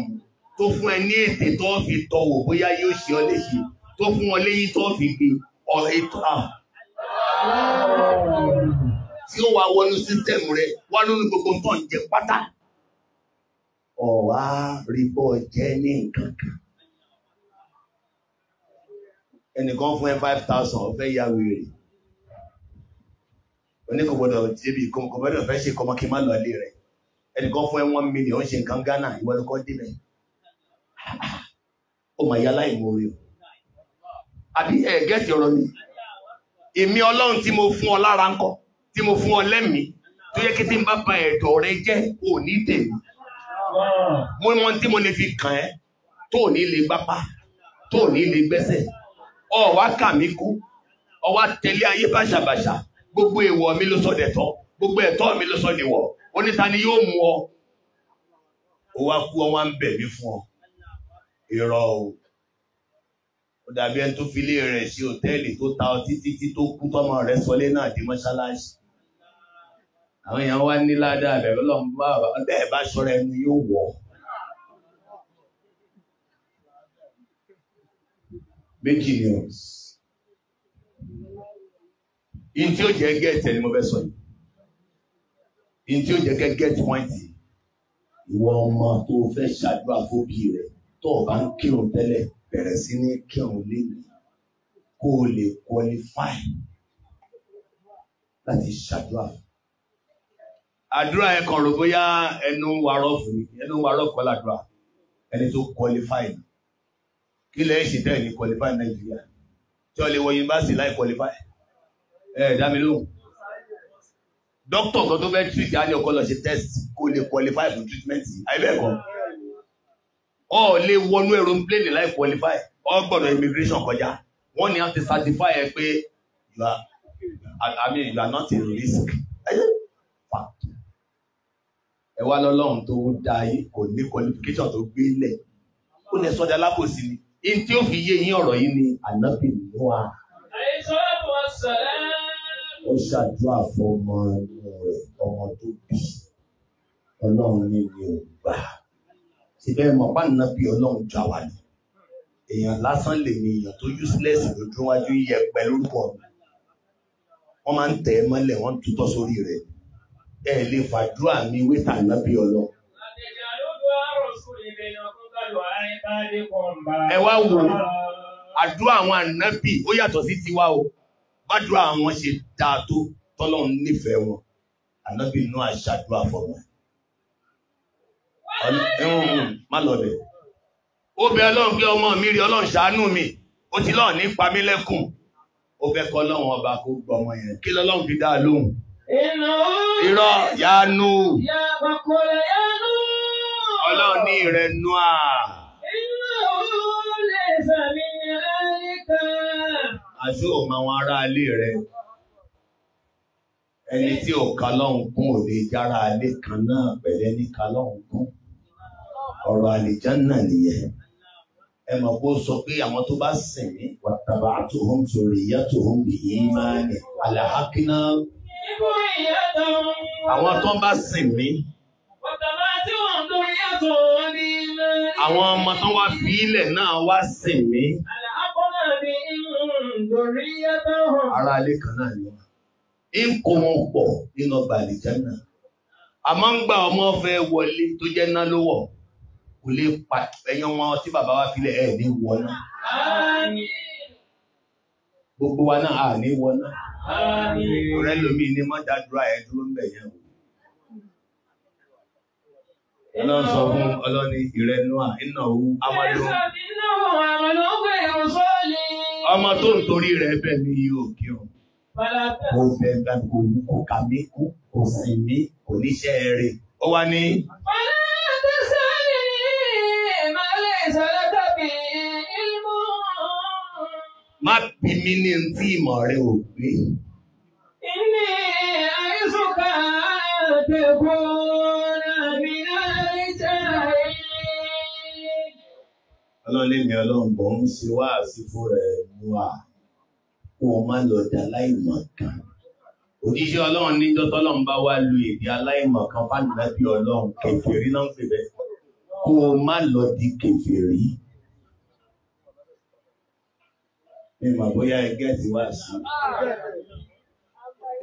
tó fún ẹ ní ètè tó fi tọwò bóyá yóò ṣe ọ léṣe tó fún ọ léyìn tó fi gbé ọ̀rẹ́ tó hàn tí ó wà wọnú sísítẹ̀mù rẹ wà lórí gbogbo nǹkan jẹ pátá ọ̀wá rí bọ́ jẹ́ ní nǹkan kan ẹnìkan fún ẹ five thousand ó fẹ́ ya wèrè oníkò gbọdọ̀ débi kò gbọdọ̀ fẹ́ ṣe kọ́mọ kí n má lọ ilé rẹ̀ ẹnìkan fún ẹ one million ó ṣe nǹkan Ghana ìwọ ló kọ́ débẹ̀ ó mà yá láì mú orí o àbí ẹ gẹ́ẹ̀tì ọ̀rọ̀ mi èmi ọlọ́run tí mo fún ọ lára ńkọ́ tí mo fún ọ lẹ́mìí tó yẹ kí tí n bá ba ẹ̀dọ̀ rẹ jẹ́ ò ní tèmi mo mọ tí mo lè fi kàn ẹ́ tó ò ní lè gbápá tó ò ní lè gbẹ́sẹ̀ ọ̀wá kà mí kú ọ̀wá tẹ̀lé ayé bàṣàbàṣà gbogbo èèwọ̀ mi ló sọ dẹ̀tọ́ gbogbo ẹ̀tọ́ mi ló sọ dẹ̀wọ̀ oníta ni yóò mú ọ ó kú ọ wá ń bẹ̀ mí fún ọ irọ́ o ó dàbí ẹni tó fi ilé rẹ̀ sí òtẹ́ẹ̀lì tó ta ọtí títí tó kú tọmọ rẹ̀ sọlé náà di mọ́ṣáláṣí àwọn èèyàn wá ní ládàá bẹ̀rẹ̀ lọ́nà bá bẹ́ẹ̀ bá ṣọ́ra ẹnu yóò wọ̀ ọ́. méjì ni o in tí ó jẹ́ gẹ́ẹ̀tì ẹni mo fẹ́ sọ yìí in tí ó jẹ́ gẹ́ẹ̀tì pọ́ìntì ìwọ ọmọ tó fẹ́ ṣàdúrà fóbi rẹ tó o bá ń kírun tẹ́lẹ̀ bẹ̀rẹ̀ sí ní kírun léwu kó o lè qualify láti ṣàdúrà fún àdúrà ẹ kàn rò bóyá ẹnu wàrọ̀ fún ẹnu wàrọ̀ kọ́ làdúrà ẹni tó qualify ni kí lẹ́yìn ṣe tẹ́ ní qualify Nàìjíríà tí ọ lè wọ yunifásitì láì qualify ẹ dá mi lóhùn dókítà kan tó fẹ́ treat á ní ọkọ lọ ṣe test kó lè qualify for treatment àìbẹ́ẹ̀kọ́ ọ lè wọnú aeroplane láì qualify ọ gbọ́dọ̀ immigration kọjá wọ́n ní àti certify ẹ pé you are I mean you are not in risk ẹ wá lọ́lọ́run tó dá yìí kò ní qualification tó gbé lẹ̀ ó lè sọ́jà lápòsí ni in tí ó fi yé yín ọ̀rọ̀ yìí ni ànábì Nóà. ó ṣàdúrà fún ọmọ rẹ̀ ọmọ tó bí ọlọ́run ní ilé ògbà síbẹ̀ mọ̀ bá ànábì ọlọ́run já wa ni èèyàn lásán lè ní èèyàn tó useless lójú wájú yẹ pẹ́ lórúkọ mi wọ́n máa ń tẹ̀ ẹ́ mọ́lẹ̀ wọ́n ń sórí rẹ̀ ẹ̀ lè fàdúrà mi wíta ànábì ọlọ́run. ẹ wá wò àdúrà àwọn ànábì ó yàtọ̀ sí tiwa o bádùrà àwọn ṣe dáa tó tọ́lọ́run nífẹ̀ẹ́ wọn ànábì inú àṣàdúrà fọmọ ẹ̀hún má lọlẹ̀ ó bẹ ọlọ́run pé ọmọ mi rí ọlọ́run ṣàánú mi ó ti lọ́ọ̀ ní pa mí lẹ́kùn ó fẹ́ kọ́ lọ́run ọba kó gbọ́ ọmọ yẹn kí lọ́lọ́run fi dá a lóhùn. irọ́ yanu ọlọ́run ní ìrẹ́nu àá. tí ò mọ àwọn aráalé rẹ ẹni tí ò ka lọ́hùn kún ò lè jára alé kan náà pẹ̀lẹ́ ní ka lọ́hùn kún ọ̀rọ̀ àlìjánà nìyẹn ẹ mọ̀ kó sọ pé àwọn tó bá sìn ní wàtàbà tó hàn sórí ìyá tó hàn bìyí máa ní àlàákínà. àwọn tó bá sìn mí. wàtàbà tí wọ́n ń dorí ẹ̀tọ́ wọn ní àwọn ọmọ tó wá fi ilẹ̀ náà wá sìn mí. Ará alẹ́ kan náà ni wọ́n. Ń kó wọn pọ̀ nínú ọgbà àlìjẹ́ náà. Àmọ́ ń gba ọmọ fẹ́ wọlé tó jẹ́ ná ló Kò lè pa ẹyán wọn tí bàbá wa filẹ̀ ẹ̀ ní wọ náà. Gbogbo wa náà à ní wọ náà. Ọ̀rẹ́ lomi ni mọ́dàdúrà ẹ̀ dúró ń bẹ̀ yẹn o ọlọ́run sọ fún ọlọ́ni ìrẹ́nu à iná owó amadu. ìrẹsà nínú àwọn àmàlà ó gbé ìrùsọ́ọ̀lì ọmọ tó ń torí rẹ̀ bẹ̀ mí yóò kí o. Ó bẹ gbàgbọ́ òun kò kà mí kú, kò sì mí, kò níṣẹ́ rẹ̀. Ó wá ní. Má bí mi ní tí ìmọ̀ rẹ̀ ò gbé. Ilé àìsùn kan àdẹ̀kùn. ọlọ́lẹ́mi ọlọ́ǹbọ̀ ń ṣe wá àsìkò rẹ̀ mú wa kó o má lọ dà láìmọ̀kan. òjíṣẹ́ ọlọ́run níjọ́ tọ́lọ́run bá wá lu èdè aláìmọ̀kan fánìlábí ọlọ́run kẹfìrí náà ń pè bẹ́ẹ̀ kó o má lọ di kẹfìrí. ẹ mà bóyá ẹgẹ́ ti wá sí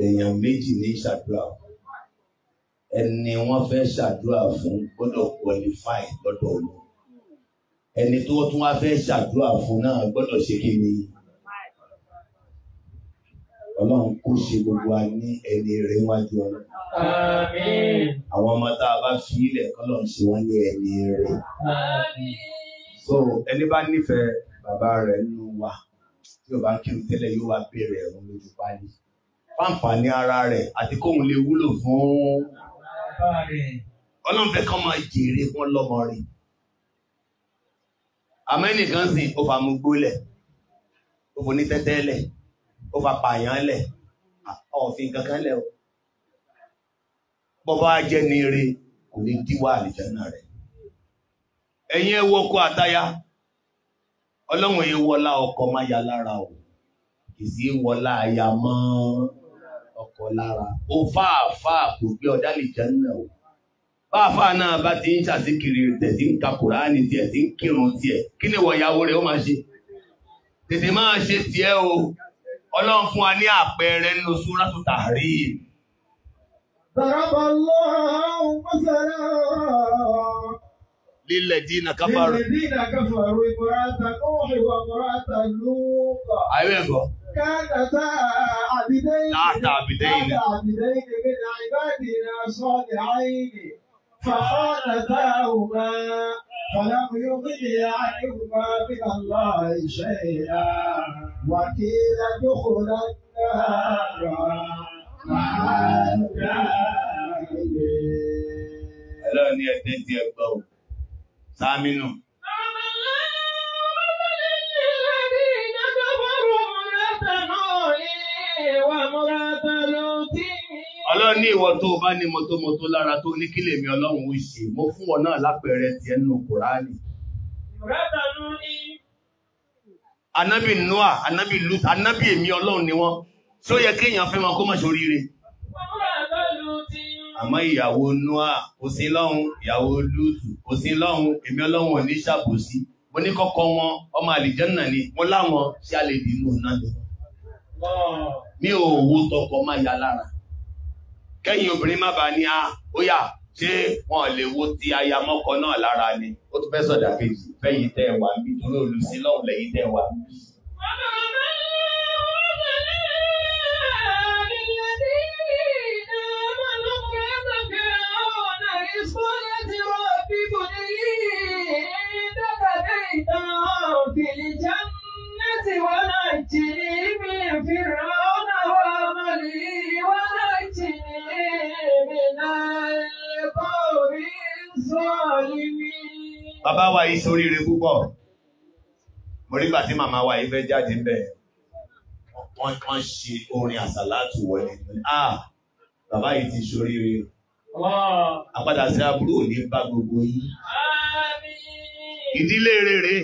èèyàn méjì ní ṣàdúrà ẹni wọ́n fẹ́ ṣàdúrà fún gbọ́dọ̀ qualify lọ́dọ̀ ọlọ́run ẹni tó tún wá fẹ́ ṣàdúrà fún náà gbọ́dọ̀ ṣe kí ni ọlọ́run kó ṣe gbogbo wa ní ẹni rẹ̀ wájú ọlọ́run. àwọn ọmọ tá a bá fi ilẹ̀ kọ́lọ́run ṣe wọ́n ní ẹni rẹ̀. so ẹni bá nífẹ̀ẹ́ bàbá rẹ̀ nínú wa tí ò kírun tẹ́lẹ̀ yóò wá béèrè ẹ̀rùn lójú páálí. fáǹfààní ara rẹ̀ àti kóun lè wúlò fún ọlọ́run fẹ́ kọ́ máa jèrè wọn lọ́mọ rẹ̀ amẹ́nìkan sì ó fa mugbó lẹ̀ ó fo ní tẹ́tẹ́ lẹ̀ ó fa pààyàn lẹ̀ ọ̀fin kankan lẹ̀ o bọ́bá jẹ́ ní ire kò ní díwá àlìjánà rẹ̀ ẹ̀yin ẹ wo ọkọ àtaya ọlọ́run yìí wọlá ọkọ má ya lára o kì sí wọlá aya mọ́ ọkọ lára ó fáàfáà kò gbé ọ̀dá àlìjánà o báàfà náà bá ti ń ṣàṣíkiri tẹ̀ tí ń ka kùránì tiẹ̀ tí ń kírun tiẹ̀ kí ni wọ̀ ìyàwó rẹ̀ ó máa ṣe tètè máa ṣe tiẹ̀ o ọlọ́run fún wa ní àpẹẹrẹ nínú súrátù Tahrim. Bàbá lọ́wọ́ mọ́sára. Lílẹ̀ dínà káfàrú. Lílẹ̀ dínà káfàrú ìmọ̀ràtà kọ́wọ́ ìwà mọ̀ràtà lóòkà. Àyẹ̀wò ẹ̀kọ́. Kánàtà àbídẹ́yìn. Láàtà àbídẹ́yìn. Láàtà àbídẹ́yìn kẹ̀kẹ́ ní فخالفاهما فلم يغني عنهما من الله شيئا وقيل ادخلا النار مع Ọlọ́run ni ẹ̀tẹ́ ti ẹ̀gbọ́ ò. Sámínú. Àmàlẹ́ ìlú ìlú ìlú ìdájọ́ bọ̀rọ̀ mọ̀rẹ́tà náà rí ìwà mọ̀rẹ́tà náà. ọlọ́run ní ìwọ tó bá ní mọ́tómọ́tó lára tó ní kílè mi ọlọ́run ó ṣe mo fún ọ náà lápẹẹrẹ tiẹ̀ nù kùránì. anabi noa anabi lut anabi èmi ọlọ́run ni wọ́n tí ó yẹ kéèyàn fẹ́ wọn kó má ṣoríire. àmọ́ ìyàwó noa kò sí lọ́hùn ìyàwó lut kò sí lọ́hùn èmi ọlọ́run ò ní ṣàbòsí mo ní kọ́kọ́ wọn ọmọ àlìjẹ́nà ni mo láwọn ṣé a lè dì inú náà mi ò wo tọkọ máa ya lára kẹ́yìn obìnrin má bá ní a ó yà ṣé wọn lè wo ti aya mọ́kọ náà lára ni ó tún fẹ́ sọ̀dà kejì fẹ́yìn tẹ́ ẹ wà níbi torí olùsí lọ́hùn lẹ́yìn tẹ́ ẹ wà níbi. الجنة ونجني من فرعون وعمله Bàbá wa yìí ṣoríire púpọ̀. Mo rí gbà tí màmá wa yìí fẹ́ jáde ń bẹ̀. Wọ́n kàn ṣe orin àsàlátù wọlé. Ah! Bàbá yìí ti ṣoríire. Àpadà sí aburú ò ní bá gbogbo yín. Ìdílé rere.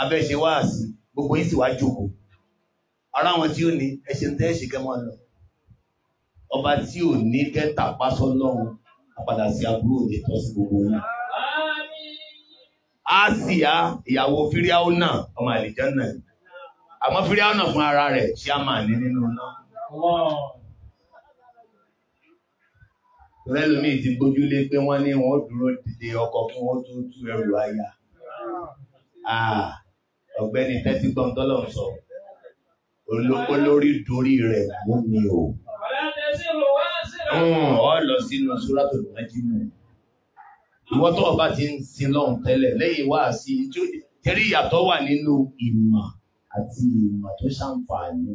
Abẹ́ ṣe wáàsí. Gbogbo yín sì wá jókòó. Ara wọn tí ó ní ẹ̀ṣẹ̀ ń tẹ́ ẹ̀ṣẹ̀ kẹ́ mọ́ lọ ọba tí ò ní kẹta pásọ lọ́hùn àpàdà sí àbúrò òde tọ́ sí gbogbo yìí. Àsíà ìyàwó fíríàwó náà ọmọ àlìjá náà àmọ́ fíríàwó náà fún ara rẹ̀ ṣé a máa ní nínú náà. Rẹ́lùmíì ti gbójúlé pé wọ́n ní wọ́n dúró dìde ọkọ̀ kí wọ́n tó tú ẹrù aya. Ọ̀gbẹ́ni tẹ́tí gbọ́n sọ. Olórí dorí rẹ̀ mú mi o ọ lọ sínú sóràtò lọ́jímù ìwọ́n tó ọba ti ń sin lọ́hùn tẹ́lẹ̀ lẹ́yìn wá sí torí ìyàtọ̀ wà nínú ìmọ̀ àti ìmọ̀ tó ṣàǹfààní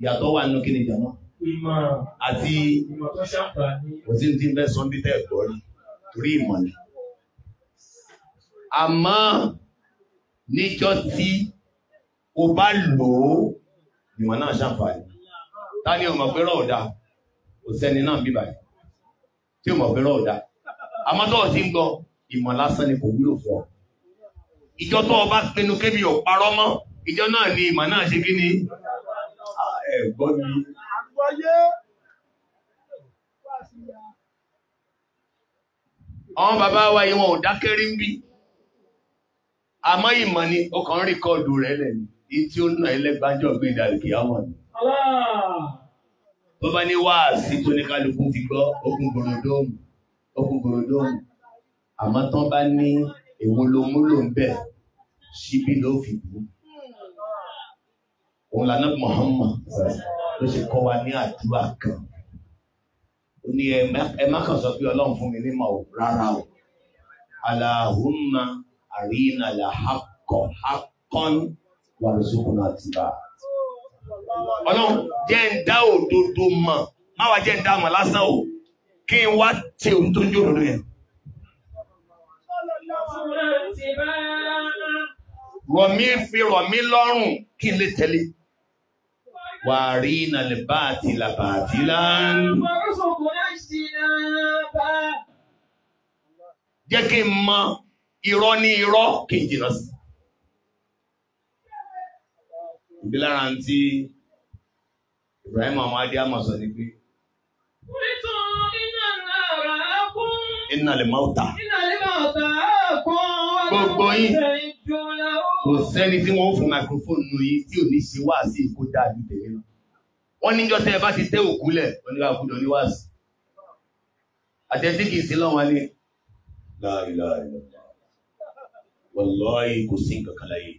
ìyàtọ̀ wà nínú kí ni ìjàmọ́ ìmọ̀ àti ìmọ̀ tó ṣàǹfààní kò sí ti ń fẹ́ sọ́ndí tẹ́ ẹ̀kọ́ rí torí ìmọ̀ ni àmọ́ níjọ́ tí o bá lò ó ìmọ̀ náà ṣàǹfààní ta ni o mọ̀ pé rọ̀ọ̀dà kò sẹ́ni náà bíbà yìí tí o mọ̀ pé rọ̀ọ̀dà àmọ́ tó o ti ń gbọ́ ìmọ̀ lásán ni kò wúlò fún ọ. ìjọ tó o bá pinnu kébi ò parọ́ mọ́ ìjọ náà ni ìmọ̀ náà ṣe kí ni. ẹ gbọ́ mi. àwọn bàbá wa yìí wọn ò dákẹ́rí ń bí àmọ́ ìmọ̀ ni ó kàn ń rẹ̀ lẹ́nu èyí tí ó nà ẹlẹ́gbàájọ́ gbé ìdàlùkì àwọn ni tó bá ní wáàsí tó ní kálukú fi gbọ́ okùn gbòròdóòmù okùn gbòròdóòmù àmọ́ tán bá ní èwo ń bẹ̀ síbí ló fi bú òun lànà Muhammad ló ṣe kọ́ wa ní àdúrà kan ó ní ẹ má kàn sọ pé ọlọ́run fún mi nímọ̀ ò rárá o Allahumma àríyìn àlàhàkọ̀ hákọ́n wà lóṣùkùn náà ti ọlọ́run jẹ́ ń dá òdodo mọ̀ má wá jẹ́ ń dá mọ̀ lásán o kí n wá ṣe òun tó ń jó òdodo yẹn. rọ̀mí fi rọ̀mí lọ́rùn kí n lè tẹ̀lé. Wàrí ìnàlẹ̀ bá àti làbà àti láàrín. Jẹ́ kí n mọ irọ́ ní irọ́ kí n jìnà sí. Ìbílára ń tí Ibrahim ọmọ Adéámà sọ ni pé. Nítorí iná náà mauta á kún. Iná lè máa Gbogbo yín. Kò sẹ́ni tí wọ́n fún microphone nù yín tí ò ní ṣe wáàsí ìkó dáa ju tèmi lọ. Wọ́n níjọ́ tẹ́ ẹ bá ti tẹ́ òkú lẹ̀, wọ́n kú lọ ní wáàsí. Àtẹ̀tí kìí sí lọ́wọ́ ni. Láìláìlá. Wàlọ́ọ̀yì kò sí nǹkan kan láyé.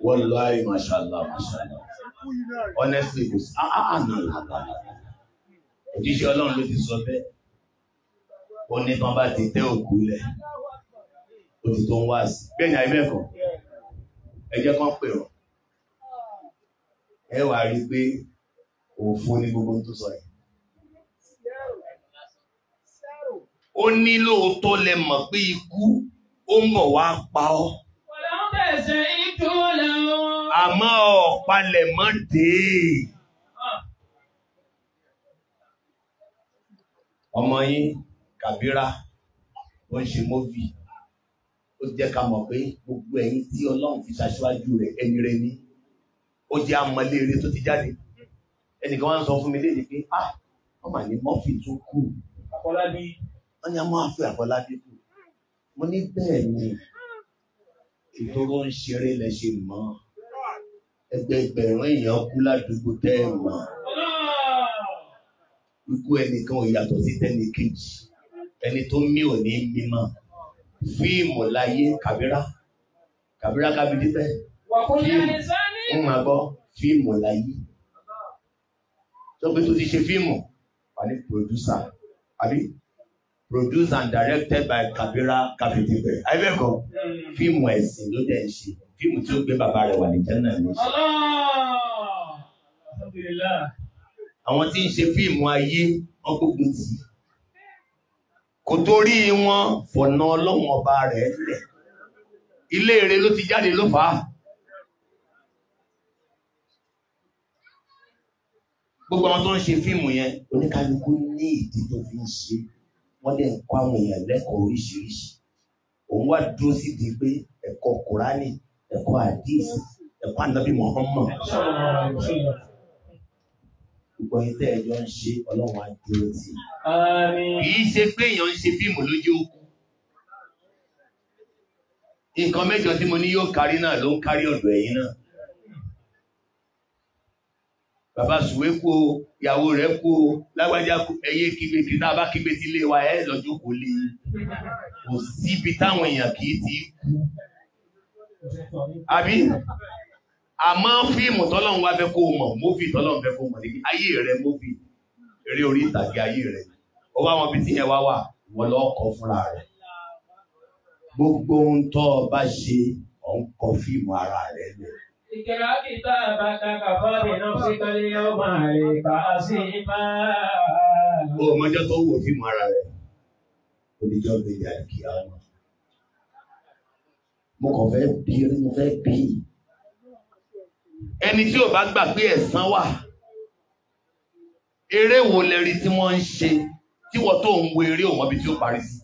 Wallahi, mashallah, mashallah. Honestly, kò sí. Ah, ah, ah no, lágbára. Ah, Òjíṣẹ́ Ọlọ́run ló ti sọ bẹ́ẹ̀. Ó ní tán bá ti tẹ́ òkú lẹ̀. Ó ti tó ń wá sí. Bẹ́ẹ̀ ni àìmẹ́kọ̀ọ́. Ẹ jẹ́ kán pè ọ́. Ẹ wà rí pé òfo ni gbogbo tó sọ yìí. Ó ní lóòótọ́ lẹ mọ̀ pé ikú ó ń bọ̀ wá pa ọ́. Wọ́n lọ́n bẹ̀rẹ̀ sí í àmọ́ ọ̀palẹ̀ mọ́ dé ọmọ yín kàbírà ó ń ṣe móvì ó jẹ́ ká mọ̀ pé gbogbo ẹ̀yin tí ọlọ́run fi ṣaṣíwájú rẹ̀ ẹni rẹ̀ ní ó jẹ́ amọ̀lẹ́rẹ́ tó ti jáde ẹnìkan wá ń sọ fún mi léde pé ah wọ́n mà ní mọ́fì tó kù àfọlábí wọ́n ní a máa fi àfọlábí kù mo ní bẹ́ẹ̀ ni ìdúró ń ṣeré lẹ ṣe mọ́ ẹgbẹgbẹ̀rún èèyàn kú ládùúgbò tẹ́ ẹ mọ̀. Ikú ẹnìkan ò yàtọ̀ sí tẹ́ni kejì. Ẹni tó mí ò ní mímọ̀. Fíìmù láyé kàbírá. Kàbírá kábi títẹ̀. Fíìmù ń máa gbọ́ fíìmù láyé. Sọ́gbé tó ti ṣe fíìmù wà ní pòdúsà. Àbí? Produced and directed by Kabira Kafitipe. Àyẹ̀bẹ̀ kan fíìmù ẹ̀sìn ló dẹ̀ ń ṣe fíìmù tí ó gbé bàbá rẹ̀ wà ní jẹ́nà ló ṣe. àwọn tí ń ṣe fíìmù ayé ọgbógun tì í kò torí wọn fọ̀nà ọlọ́wọ̀n ọba rẹ̀ lẹ̀ ilé rẹ̀ ló ti jáde ló fà á. gbogbo àwọn tó ń ṣe fíìmù yẹn oníkálukú ní ìdí tó fi ń ṣe wọ́n lè kọ́ àwọn èèyàn lẹ́kọ̀ọ́ oríṣiríṣi òun wá dúró sí di pé ẹ̀kọ́ kùránì ẹ̀kọ́ hadith ẹ̀kọ́ anabi muhammad gbogbo ẹni tẹ́ ẹjọ́ ń ṣe ọlọ́run á dúró tì í. kì í ṣe pé èèyàn ń ṣe fíìmù lójú okú. nǹkan mẹ́jọ tí mo ní yóò kárí náà ló ń kárí ọ̀dọ̀ ẹ̀yin náà bàbá sùwé kú o ìyàwó rẹ̀ kú o lágbájá kú ẹyẹ kígbe kiri tá a bá kígbe sí ilé wa ẹ lọ́jọ́ kò lè kò síbi táwọn èèyàn kì í ti kú àbí àmọ́ fíìmù tọ́lọ́run wá fẹ́ kó o mọ̀ mófì tọ́lọ́run fẹ́ kó o mọ̀ níbi ayé rẹ̀ mófì eré orí ìtàgé ayé rẹ̀ ó wá wọn bí tí yẹn wá wà wọ́n lọ kọ́ fúnra rẹ̀ gbogbo ohun tó o bá ṣe ọ̀ ń kọ fíìmù ara rẹ̀ lẹ́yìn. اقرأ كتابك كفى بنفسك اليوم عليك حسيبا. ó mọjọ́ tó wò fí mọ ara rẹ̀ oníjọ́ gbèjà kí á mọ̀. mo kàn fẹ́ bí mo fẹ́ bí. ẹni tí ò bá gbà pé ẹ̀san wà eré wo lẹ rí tí wọ́n ń ṣe tí wọ́n tó ń wo eré òun ọbí tí ó parí sí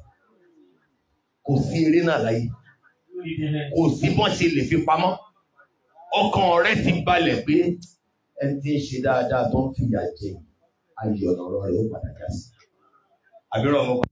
kò sí eré náà láyé kò sí bọ́n ṣe lè fi pamọ́ ọkàn rẹ ti balẹ̀ pé ẹni tí ń ṣe dáadáa tó ń fìyà jẹ ayọ̀ ọ̀rọ̀ rẹ̀ ó padà já sí. àbúrò ọmọ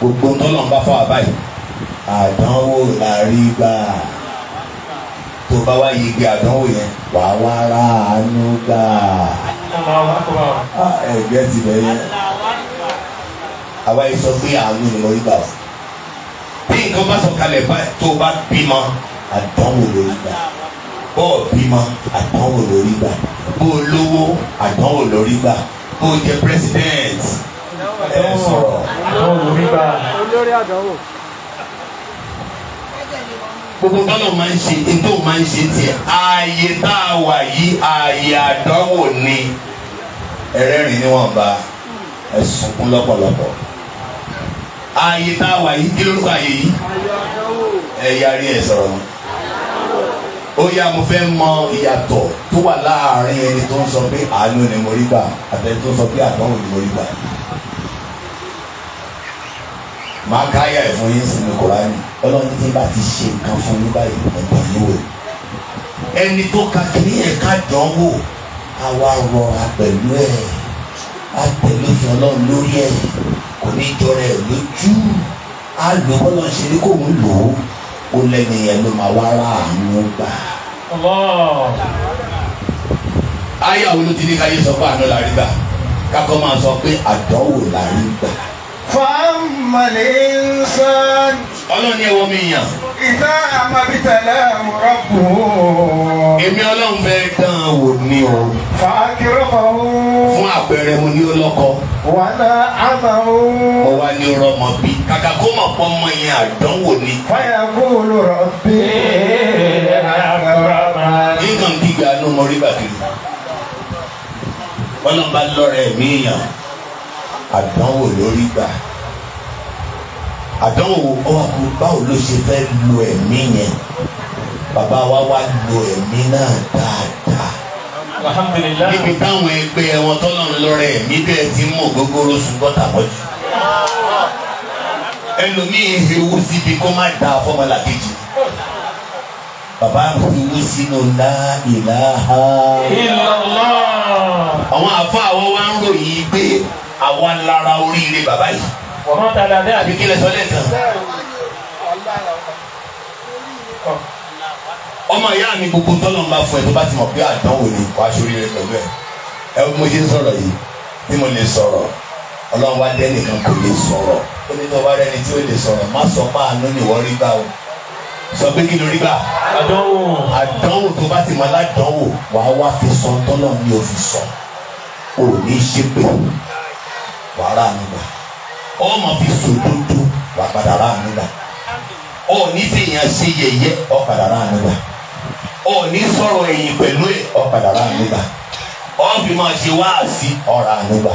gbogbo tọ́lọ̀ ń bá fọ́ àbáyé àdánwò la rí gbà tó bá wá yege àdánwò yẹn wà á wá ra àánú gbà ah, ẹgbẹ́ ti bẹ̀ yẹn àwa yìí sọ pé àánú ni lórí gbà wá bí nǹkan bá sọ kalẹ̀ báyìí tó bá bímọ àdánwò lórí gbà bọ́ọ̀ bímọ àdánwò lórí gbà bó lówó àdánwò lórí gbà bó jẹ president ẹ sọ̀rọ̀ àwọn olórí gbà. olórí àdánwò. gbogbo tọ́lọ̀ máa ń ṣe ètò máa ń ṣe tiẹ̀ ààyè tá a wà yìí ààyè àdánwò ni ẹ̀rẹ́rìn níwọ̀nba ẹ̀sùnkún lọ́pọ̀lọpọ̀ ààyè tá a wà yìí kí lórúkọ ààyè yìí ẹ yarí ẹ sọ̀rọ̀ ó yá mo fẹ́ mọ ìyàtọ̀ tó wà láàárín ẹni tó ń sọ pé àánú ni mo rí gbà àtẹni tó ń sọ pé àdánwò ni mo rí gbà máa káyà ẹ̀ fún yín sínú kùránì ọlọ́run tí bá ti ṣe nǹkan fún yín báyìí ẹ̀gbọ́n yín wò. ẹni tó ka kìíní yẹn ká dán wò àwa rọra pẹ̀lú ẹ̀ àtẹ̀lẹ́fẹ̀ ọlọ́run lórí ẹ̀ kò ní jọra ẹ̀ lójú àlò bọ́lá ṣe ní kò ń lò ó ó lẹ́nu yẹn ló máa wá rà ánú gbà. ayé àwọn olùtí ní káyé sọ pé àná la gbà kákọ́ máa sọ pé àdánwò la gbà fàámàlì sàn. ọlọ́ni ẹ̀wọ́ mi yàn. ìta àmàbìtàlẹ̀ àmúrọ̀ kù. èmi ọlọ́run fẹ́ dán an wò ní o. fàákìrọ̀ kan. fún àpẹẹrẹ mo ní ọlọ́kọ. wàhálà àmà o. ó wá ní rọmọ bí kàkà kó mọ̀ pọ́ mọ yẹn àdánwò ni. fàyà kó olùrọ̀ bí àgbàrá máa. nǹkan gíga ló mọ rí bàtí. ọlọ́ba lọ́rẹ̀ mí yàn àdánwò lórí gbà àdánwò ọwọ́ àpò báwo ló ṣe fẹ́ lo ẹ̀mí yẹn bàbá wa wá lo ẹ̀mí náà dáadáa alhamdulilayi. níbi táwọn ẹgbẹ́ wọn tọ́lọ́run lọ́rẹ́ ẹ̀mí bẹ́ẹ̀ ti mú ògógóró ṣùgbọ́n tàbọ̀jù. ẹlòmíì hewu síbi kó má da fọmọlàkejì. bàbá hewu sínú la ilaha. illallah. àwọn àfa àwọn wa ń ròyìn pé àwọn alára oríire bàbá yìí. wọ́n máa ta dáadáa àbí kílẹ̀ sọ́lẹ̀ kan. ọmọ ìyá mi gbogbo tọ́lọ̀ ń bá fún ẹ tó bá ti mọ̀ pé àdánwò ni wàá ṣoríire pẹ̀lú ẹ ẹ mo ṣe ń sọ̀rọ̀ yìí tí mo lè sọ̀rọ̀ ọlọ́run wá dé nìkan kò lè sọ̀rọ̀ ó ní tọ́wọ́ rẹ ni tí ó lè sọ̀rọ̀ má sọ máa nú ni wọ́n rí gbà o sọ pé kí ló rí gbà. àdánwò àdánwò tó bá ti mọ aládánwò wàá wá fi sọ tọ́lọ̀ ni ò fi sọ ò ní ṣépè wàhálà mi gbà ọmọ fi sòdodo wà padà rà mí gbà òní fi yàn ṣe yẹ̀yẹ́ ọ padà rà mí gbà òní sọ̀rọ̀ ẹ̀yìn pẹ̀lú ẹ̀ ọ padà rà mí gbà ọ̀fi máa ṣe wáàsí ọ̀rà mí gbà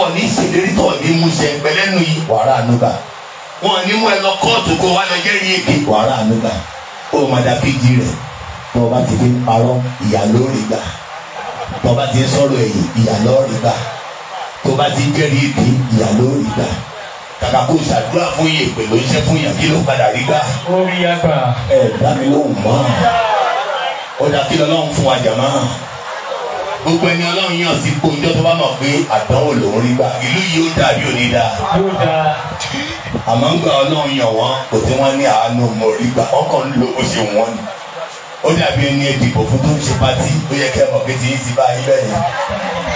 òní ṣèlérí tó ní mú ṣe pẹ̀lẹ́nu yìí wàhálà mí gbà wọn ní mú ẹ lọ kóòtù kó wá lọ jẹ́rìí èké wàhálà mí gbà ó máa dá kejì rẹ̀ bọ́ ọba ti fi parọ́ ìyà lórí gbà bọ́ ọba ti sọ̀rọ̀ ẹ̀yìn ìyà gbà tó bá ti jẹ́rìí di ìyàló ìgbà kàkà kó ṣàdúrà fún yè pẹ̀lú iṣẹ́ fún yàn kí ló padà rí gbà. ó rí yàgbà. ẹ dá mi lóhùn mọ́ ọ̀dà kí lọ́lọ́run fún wa jàmá gbogbo ẹni ọlọ́run yàn sí kó ọjọ́ tó bá mọ̀ pé àdánwò lòún rí gbà ìlú yìí ó dàbí òní dà. yóò dáa àmọ́ ń gba ọlọ́run yàn wọ́n kò tí wọ́n ní àánú mọ̀rí gbà ọkàn ń lo oṣù wọn ni ó dàbí ẹni ẹ̀dìbò fún tó ń ṣe pátì ó yẹ kẹ́ mọ̀ pé ti yín ti bá yín yẹn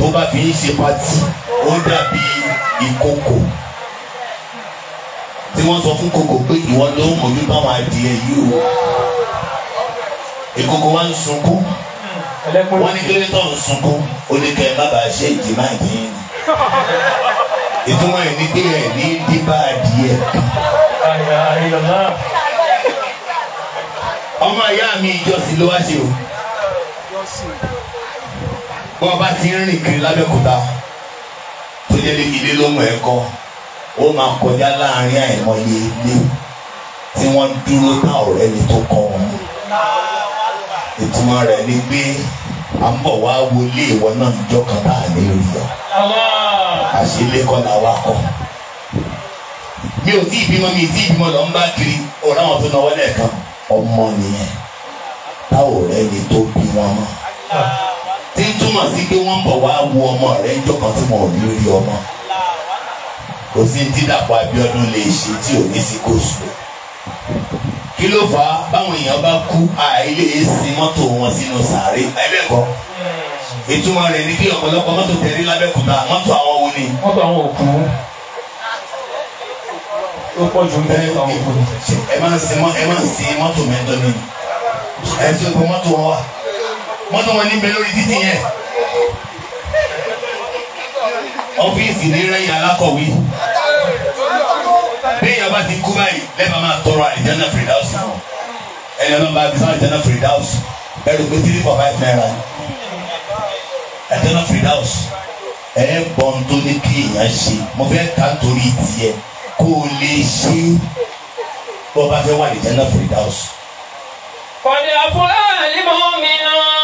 tó bá fi ń ṣe pati ó dàbí ìkòkò tí wọ́n sọ fún kòkò pé ìwọ ló ń mójú báwọn adìẹ yìí o ìkòkò wa ń sunkún wọ́n ní kílódé tó ń sunkún ó ní kẹ́ ẹ má bàa ṣe ìjìmá yìí ìtumọ̀ yìí ní pé ẹ̀ ní dìbà adìẹ. ọmọ ìyá mi ìjọsìn ló wá ṣe o bọ́n bá ti rìn kiri lábẹ́kúta tó jẹ́ bí ilé ló mọ̀ ó máa kọjá láàrin àìmọye ilé tí wọ́n dúró tá ọ̀rẹ́ ni tó kọ́ wọn. ìtumọ̀ rẹ̀ ni pé à ń bọ̀ wá wọlé ìwọ náà níjọ́ kan tá à rí ọ. àṣìlé kọ́ la wá kọ́. mi ò tí ì bímọ mi tí ì bímọ lọ ń bá kiri ọ̀rẹ́ àwọn tó náwó lẹ́ẹ̀kan ọmọ nìyẹn tá ọ̀rẹ́ ni tó bí wọn mọ́ tí ń túmọ̀ sí pé wọ́n ń bọ̀ wá wo ọmọ rẹ̀ ń jọkàn tí wọn ò ní rí ọmọ kò sí ti Dàpọ̀ Abíọ́dún lè ṣe tí ò ní sí kò sùn kí ló fà á báwọn èèyàn bá kú àìlè sin e mọ́tò wọn sínú sàárè ẹlẹ́kọ̀ọ́ ìtumọ̀ rẹ̀ ni kí ọ̀pọ̀lọpọ̀ mọ́tò tẹ̀lé lábẹ́kúta mọ́tò àwọn wo ni. mọ́tò àwọn òkú ó pọ̀ jù bẹ́ẹ̀ àwọn òkú. ẹ máa ń sin mọ́tò mẹ́tọ́ ni ẹ ti ń pọ mọ́tò wọn wá mọ́tò wọn níbẹ̀ lórí títì yẹn ọ́fíìsì ní rẹ́yìn alákọ̀wé béèyàn bá ti kú báyìí lẹ́ẹ̀ma máa tọrọ àlìjáná fìdáùsì ẹni ọlọ́run bá bisá àlìjáná fìdáùsì ẹ̀rù pé three four five naira àlìjáná fìdáùsì ẹ̀ bọ́n tó ní kí èèyàn ṣe mo fẹ́ ká torí tiẹ̀ kó o lè ṣe bó bá fẹ́ wà àlìjáná fìdáùsì. kọ̀dé àfúrá àlìmọ́ mi náà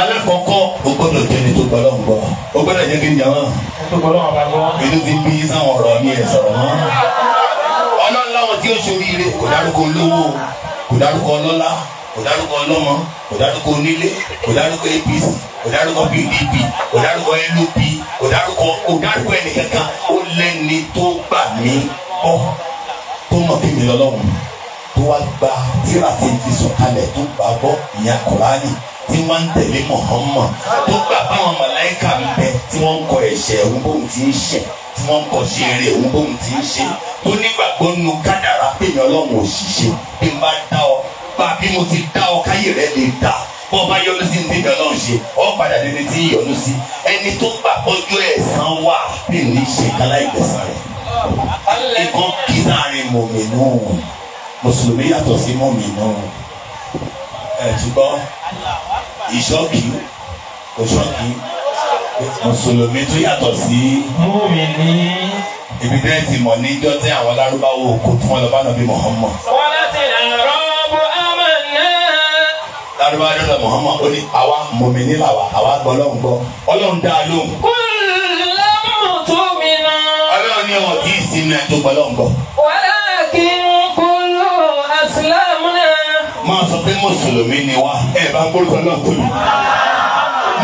alákọ̀ọ́kọ́ o gbọ́dọ̀ jẹ́ ni tó gbọ́dọ̀ ń gbọ́ o gbọ́dọ̀ kí n jẹ́ wọn. ètò ti bí sáwọn ọ̀rọ̀ mi ẹ̀ sọ̀rọ̀ mọ́. ọlọ́láwọn tí ó ṣoríire kò dárúkọ olówó kò dárúkọ ọlọ́lá kò dárúkọ ọlọ́mọ kò dárúkọ onílé kò dárúkọ APC kò dárúkọ PDP kò dárúkọ NUP kò dárúkọ kò dárúkọ ẹnìkankan ó lẹ́ni tó gbà mí bọ́ tó mọ̀ kí mi lọ́lọ́run tó wá gba tírà tí ń fi sọ̀kalẹ̀ tó gbà bọ́ ìyẹn kùránì tí wọ́n ń tẹ̀lé Muhammad tó gbà báwọn màláìka ń bẹ tí wọ́n ń kọ ẹ̀ṣẹ̀ òun bóun ti ń ṣẹ̀ tí wọ́n ń kọ ṣe eré òun bóun ti ń ṣe tó nígbàgbọ́ nu kádàrá pèmí ọlọ́run òṣìṣẹ́ bí n bá dá ọ bá bí mo ti dá ọ káyè rẹ lè dá bó bá yọnu sí ní bíbí ọlọ́run ṣe ọ padà dé ní tí yọnu sí ẹni tó gbàgbọ́jọ́ ẹ̀san wà bí ṣe kálá ìgbẹ̀san rẹ̀ ìkan kí sáà rìn mọ̀mí nù mùsùlùmí yàtọ̀ sí mọ́mì náà ẹ̀ túbọ̀ ìṣọ́kì òṣọ́kì mùsùlùmí tó yàtọ̀ sí mọ́mì ní. ibi bẹ́ẹ̀ ti mọ̀ níjọ́ tí àwọn lárúbáwò kò tún wọn lọ bá nàbí Muhammad. wọ́n láti àárọ̀ bu amanna. lárúbáwò dọ́là Muhammad ó ní àwa mọ̀mí nílà wa àwa gbọ́ ọlọ́run gbọ́ ọlọ́run dá a lóhùn. kúlẹ̀ mú tó mi náà. ọlọ́run ní ọ̀ máa sọ pé mùsùlùmí ni wá ẹ bá gbórúkọ náà tóbi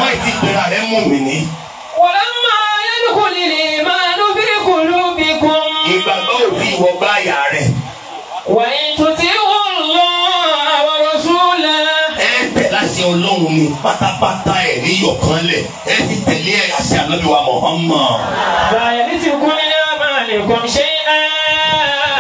má ti gbéra rẹ mú mi ní. walamma yadkhulil imanu fi qulubikum. ìgbàgbọ́ òbí ìwọ gbá àyà rẹ̀. wa in tuti'u Allaha wa rasulahu. ẹ tẹ̀ láṣẹ ọlọ́run mi pátápátá ẹ̀ níyọ̀kánlẹ̀ ẹ ti tẹ̀lé ẹ̀ àṣẹ ànábìwá Muhammad. bàyẹ̀ ní ti kún ní abàlẹ̀ kọ́ ṣe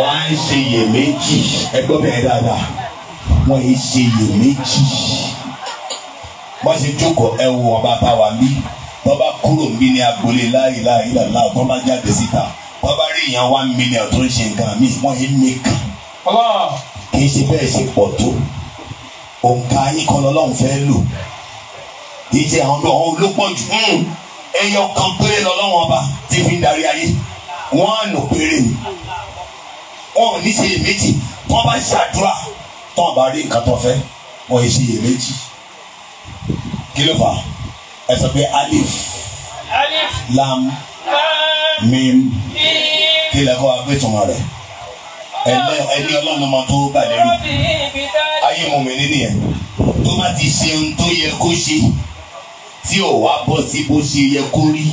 wá ń ṣe iyèméjì ẹ gbọ́ bẹ́ẹ̀ dáadáa wọ́n yìí ṣe iyèméjì wọ́n ṣe jókòó ẹ wo ọba bá wa mí bọ́ba kúrò mí ní agboolé láìláì làlá bọ́ba jáde síta bọ́ba rí èèyàn one million tó ń ṣe nǹkan mi wọ́n yìí nìkan kì í ṣe bẹ́ẹ̀ ṣe pọ̀ tó òǹkà yín kan lọ́lọ́run fẹ́ lò kì í ṣe àwọn olópọ̀ jù hmm. ẹyọ kan péré lọ́lọ́run ọba ti fi ń darí ayé wọ́n á péré ni wọn ò ní ṣe iyèméjì wọn bá ṣàdúrà tán bá rí nǹkan tó fẹ́ wọn ò ṣe iyèméjì kí ló fà ẹ sọ pé alif lam mim kí lè kọ́ agbẹ́tùmọ̀ rẹ̀ ẹni ọlọ́run ọmọ tó bà lẹ́rù ayé mọ̀mìnrin nìyẹn tó bá ti ṣe ohun tó yẹ kó ṣe tí ò wá bọ́ sí bó ṣe yẹ kó rí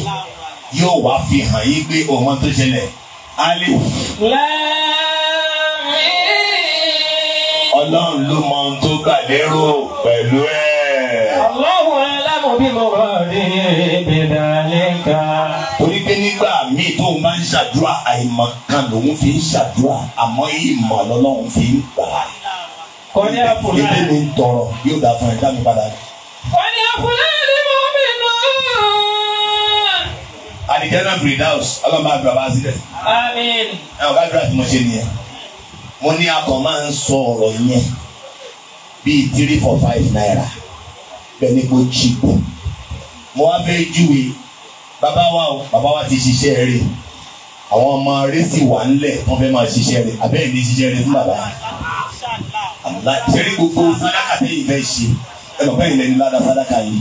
yóò wá fi hàn yín pé ọmọ tó ṣẹlẹ̀ alif ọlọ́run ló mọ ohun tó gbà lérò pẹ̀lú ẹ̀. ọlọ́run ẹlẹ́mu bí mo rọ̀ ní ìbẹ̀dàlẹ́ka. torí pé nígbà míì tó máa ń ṣàdúrà àìmọ̀ kan lòun fi ń ṣàdúrà àmọ́ ìmọ̀ lọ́lọ́run fi ń gbà. kọ́nyá fúlàní. ilé mi ń tọrọ yóò dà fún ẹ dá mi padà. kọ́nyá fúlàní mo mi nù. àdìjẹ́ náà fìdí dáhùn ọlọ́run bá gbà bá sílẹ̀. àmín. ẹ ò bá gbà tí mo ṣe nìyẹn mo ní akọ máa ń sọ ọ̀rọ̀ yẹn bíi three four five naira bẹ́ẹ̀ ni kò cheap mo wá fẹ́ júwe bàbá wa o bàbá wa ti ṣiṣẹ́ rẹ̀ àwọn ọmọ rẹ̀ sì wà ńlẹ̀ wọ́n fẹ́ máa ṣiṣẹ́ rẹ̀ abẹ́ẹ̀ ní ṣiṣẹ́ rẹ̀ fún bàbá ṣẹ́rí gbogbo sádàkà tẹ́yìn fẹ́ ṣe ẹ bàbá yìí lẹ́nu lára yìí